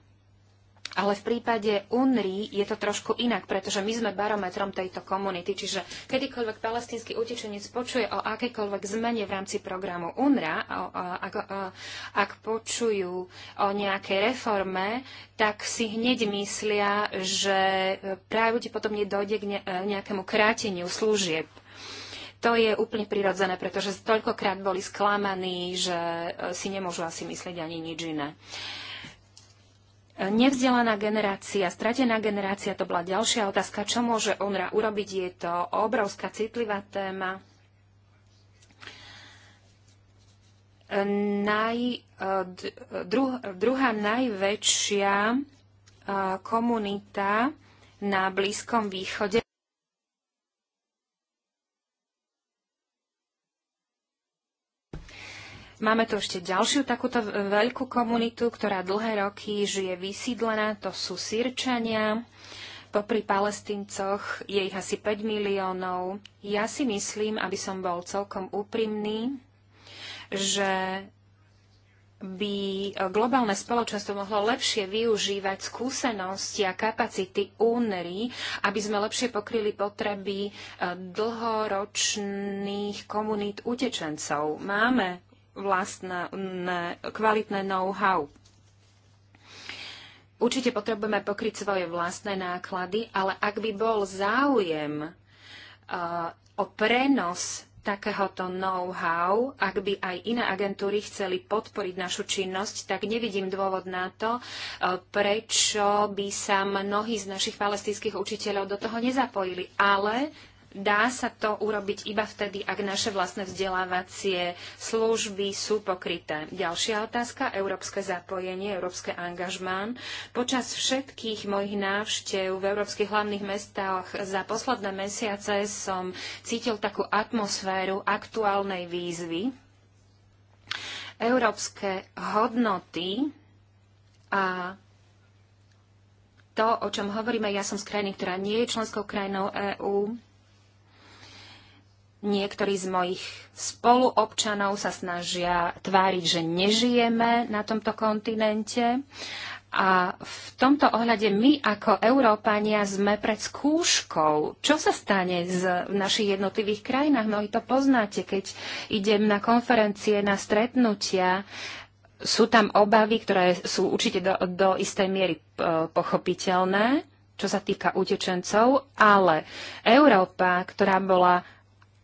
Ale v prípade UNRI je to trošku inak, pretože my sme barometrom tejto komunity, čiže kedykoľvek palestínsky utečenec počuje o akékoľvek zmene v rámci programu UNRA, ak, ak počujú o nejakej reforme, tak si hneď myslia, že e, pravdepodobne dojde k e, nejakému kráteniu služieb to je úplne prirodzené, pretože toľkokrát boli sklamaní, že e, si nemôžu asi myslieť ani nič iné. E, nevzdelaná generácia, stratená generácia, to bola ďalšia otázka. Čo môže UNRA urobiť? Je to obrovská citlivá téma. E, naj, dru, druhá najväčšia komunita na Blízkom východe Máme tu ešte ďalšiu takúto veľkú komunitu, ktorá dlhé roky žije vysídlená, to sú Sirčania. Popri Palestíncoch je ich asi 5 miliónov. Ja si myslím, aby som bol celkom úprimný, že by globálne spoločenstvo mohlo lepšie využívať skúsenosti a kapacity únery, aby sme lepšie pokryli potreby eh, dlhoročných komunít utečencov. Máme vlastné kvalitné know-how. Určite potrebujeme pokryť svoje vlastné náklady, ale ak by bol záujem uh, o prenos takéhoto know-how, ak by aj iné agentúry chceli podporiť našu činnosť, tak nevidím dôvod na to, uh, prečo by sa mnohí z našich palestinských učiteľov do toho nezapojili. Ale Dá sa to urobiť iba vtedy, ak naše vlastné vzdelávacie služby sú pokryté. Ďalšia otázka, európske zapojenie, európske angažmán. Počas všetkých mojich návštev v európskych hlavných mestách za posledné mesiace som cítil takú atmosféru aktuálnej výzvy. Európske hodnoty a to, o čom hovoríme, ja som z krajiny, ktorá nie je členskou krajinou EÚ, niektorí z mojich spoluobčanov sa snažia tváriť, že nežijeme na tomto kontinente. A v tomto ohľade my ako Európania sme pred skúškou. Čo sa stane z, v našich jednotlivých krajinách? Mnohí to poznáte, keď idem na konferencie, na stretnutia. Sú tam obavy, ktoré sú určite do, do istej miery e, pochopiteľné, čo sa týka utečencov, ale Európa, ktorá bola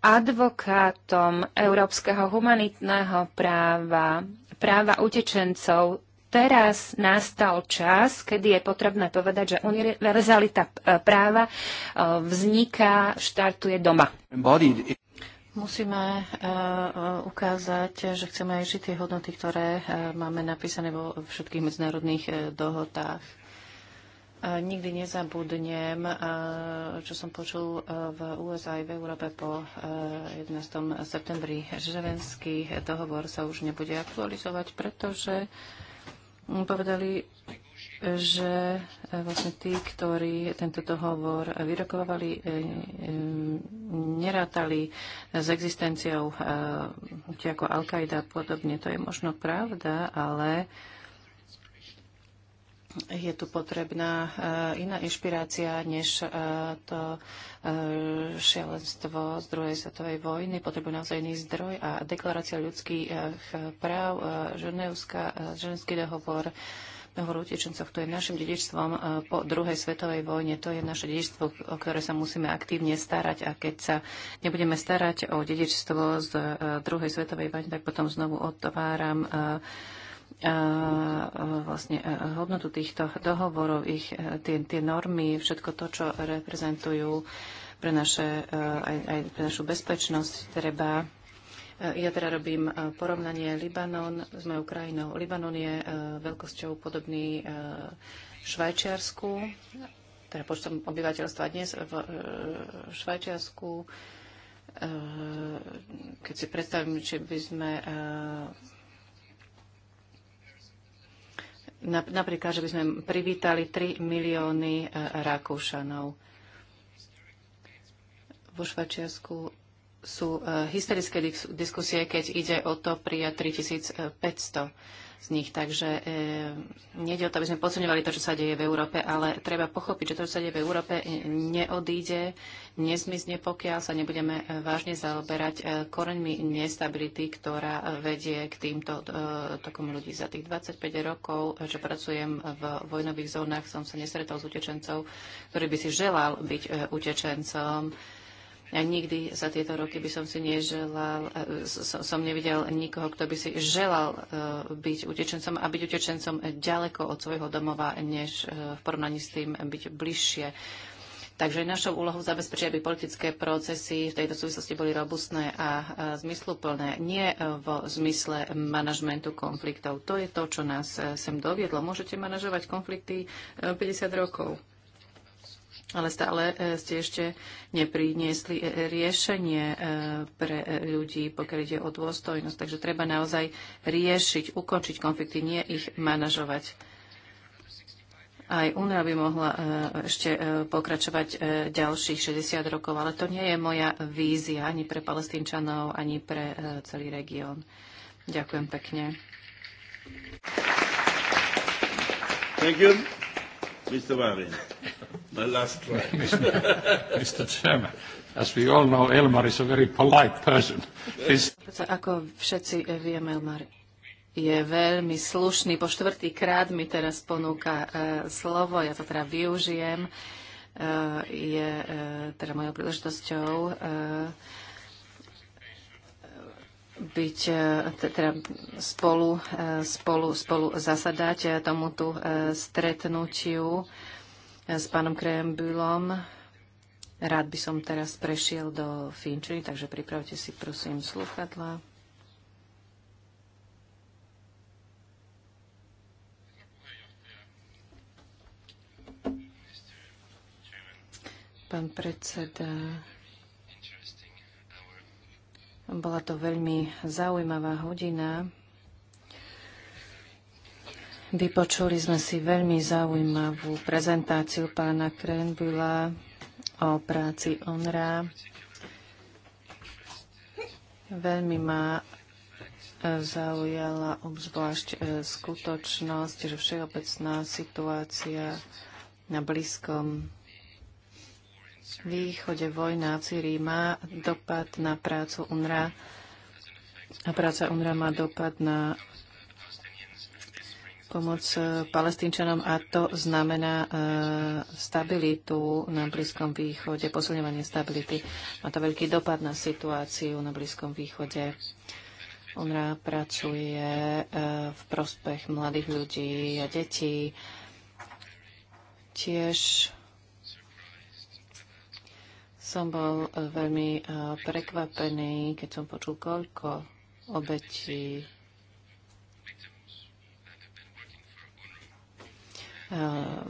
advokátom európskeho humanitného práva, práva utečencov, teraz nastal čas, kedy je potrebné povedať, že univerzalita e, práva e, vzniká, štartuje doma. Musíme e, ukázať, že chceme aj žiť tie hodnoty, ktoré máme napísané vo všetkých medzinárodných dohodách. Nikdy nezabudnem, čo som počul v USA aj v Európe po 11. septembri. Ženský dohovor sa už nebude aktualizovať, pretože povedali, že e, vlastne tí, ktorí tento dohovor vyrokovali, e, e, nerátali s existenciou ako Al-Qaida a podobne. To je možno pravda, ale je tu potrebná eh, iná inšpirácia, než eh, to eh, šialenstvo z druhej svetovej vojny. Potrebujú naozaj iný zdroj a deklarácia ľudských práv, ženevská, ženský dohovor, dohovor utečencoch, to je našim dedičstvom po druhej svetovej vojne. To je naše dedičstvo, o ktoré sa musíme aktívne starať a keď sa nebudeme starať o dedičstvo z druhej svetovej vojny, tak potom znovu otváram vlastne e, e, hodnotu týchto dohovorov, ich, e, tie, tie normy, všetko to, čo reprezentujú pre, naše, aj, aj pre našu bezpečnosť, treba ja teda robím porovnanie Libanon s mojou krajinou. Libanon je veľkosťou podobný Švajčiarsku, teda počtom obyvateľstva dnes v Švajčiarsku. Keď si predstavím, či by sme Napríklad, že by sme privítali 3 milióny e, Rakúšanov. Vo Švačiarsku sú e, hysterické diskusie, keď ide o to prijať 3500 z nich. Takže e, nejde o to, aby sme podceňovali to, čo sa deje v Európe, ale treba pochopiť, že to, čo sa deje v Európe, e, neodíde, nezmizne, pokiaľ sa nebudeme e, vážne zaoberať e, koreňmi nestability, ktorá vedie k týmto e, tokom ľudí. Za tých 25 rokov, že pracujem v vojnových zónach, som sa nesretol s utečencov, ktorý by si želal byť e, utečencom ja nikdy za tieto roky by som si neželal, e, som nevidel nikoho, kto by si želal e, byť utečencom a byť utečencom ďaleko od svojho domova, než e, v porovnaní s tým byť bližšie. Takže našou úlohou zabezpečiť, aby politické procesy v tejto súvislosti boli robustné a zmysluplné, nie v zmysle manažmentu konfliktov. To je to, čo nás sem doviedlo. Môžete manažovať konflikty 50 rokov ale stále e, ste ešte nepriniesli e, riešenie e, pre ľudí, pokiaľ ide o dôstojnosť. Takže treba naozaj riešiť, ukončiť konflikty, nie ich manažovať. Aj UNRA by mohla ešte pokračovať ďalších 60 rokov, ale to nie je moja vízia ani pre palestínčanov, ani pre celý región. Ďakujem pekne. Thank you, Mr. My last Mr. Chairman, as we all know, Elmar is a very polite person. Ako všetci vieme, Elmar je veľmi slušný. Po štvrtý krát mi teraz ponúka uh, slovo, ja to teda využijem. Uh, je uh, teda mojou príležitosťou uh, byť teda spolu, spolu, spolu zasadať tomuto stretnutiu s pánom Krembylom. Rád by som teraz prešiel do Finčiny, takže pripravte si prosím sluchadla. Pán predseda, bola to veľmi zaujímavá hodina. Vypočuli sme si veľmi zaujímavú prezentáciu pána Krenbula o práci ONRA. Veľmi ma e, zaujala obzvlášť e, skutočnosť, že všeobecná situácia na Blízkom východe vojna v Syrii má dopad na prácu UNRA a práca UNRA má dopad na pomoc e, palestínčanom a to znamená e, stabilitu na Blízkom východe, posilňovanie stability. Má to veľký dopad na situáciu na Blízkom východe. UNRWA pracuje e, v prospech mladých ľudí a detí. Tiež som bol veľmi prekvapený, keď som počul, koľko obetí E,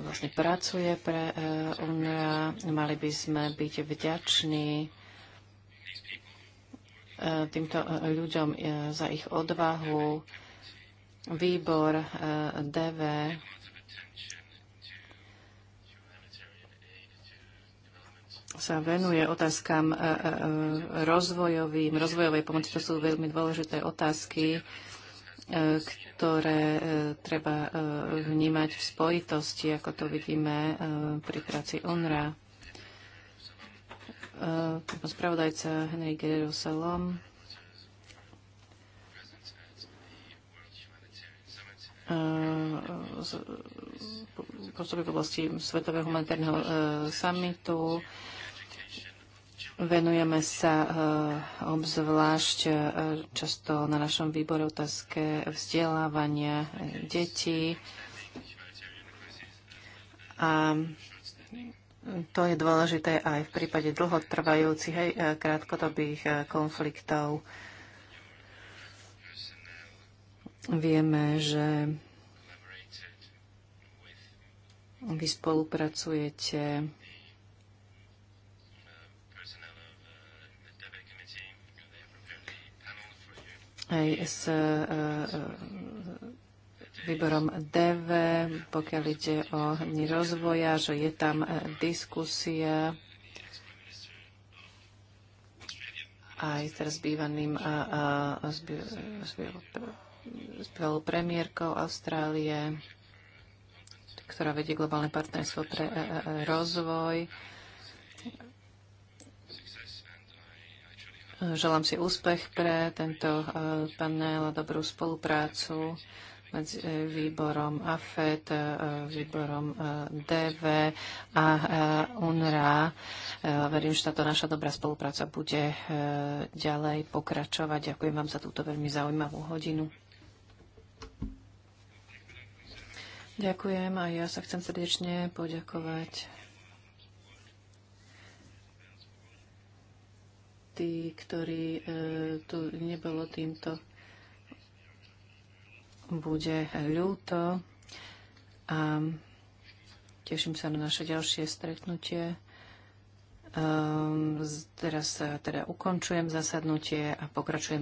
vlastne pracuje pre UNRWA. E, Mali by sme byť vďační e, týmto ľuďom za ich odvahu. Výbor DV sa venuje otázkam rozvojovým, rozvojovej pomoci. To sú veľmi dôležité otázky, ktoré e, treba e, vnímať v spojitosti, ako to vidíme e, pri práci UNRA. Spravodajca Henry Guerrero Salom pôsobí v oblasti Svetového humanitárneho samitu Venujeme sa eh, obzvlášť eh, často na našom výbore otázke vzdelávania eh, detí. A to je dôležité aj v prípade dlhotrvajúcich aj krátkodobých konfliktov. Vieme, že vy spolupracujete aj s e, e, výborom DV, pokiaľ ide o dni rozvoja, že je tam e, diskusia aj teraz bývaným bývalou premiérkou Austrálie, ktorá vedie globálne partnerstvo pre rozvoj. Želám si úspech pre tento e, panel a dobrú spoluprácu medzi e, výborom AFET, e, výborom DV a UNRA. Verím, že táto naša dobrá spolupráca bude ďalej pokračovať. Ďakujem vám za túto veľmi zaujímavú hodinu. Ďakujem a ja sa chcem srdečne poďakovať tí, ktorí e, tu nebolo týmto, bude ľúto a teším sa na naše ďalšie stretnutie. Um, teraz e, teda ukončujem zasadnutie a pokračujem.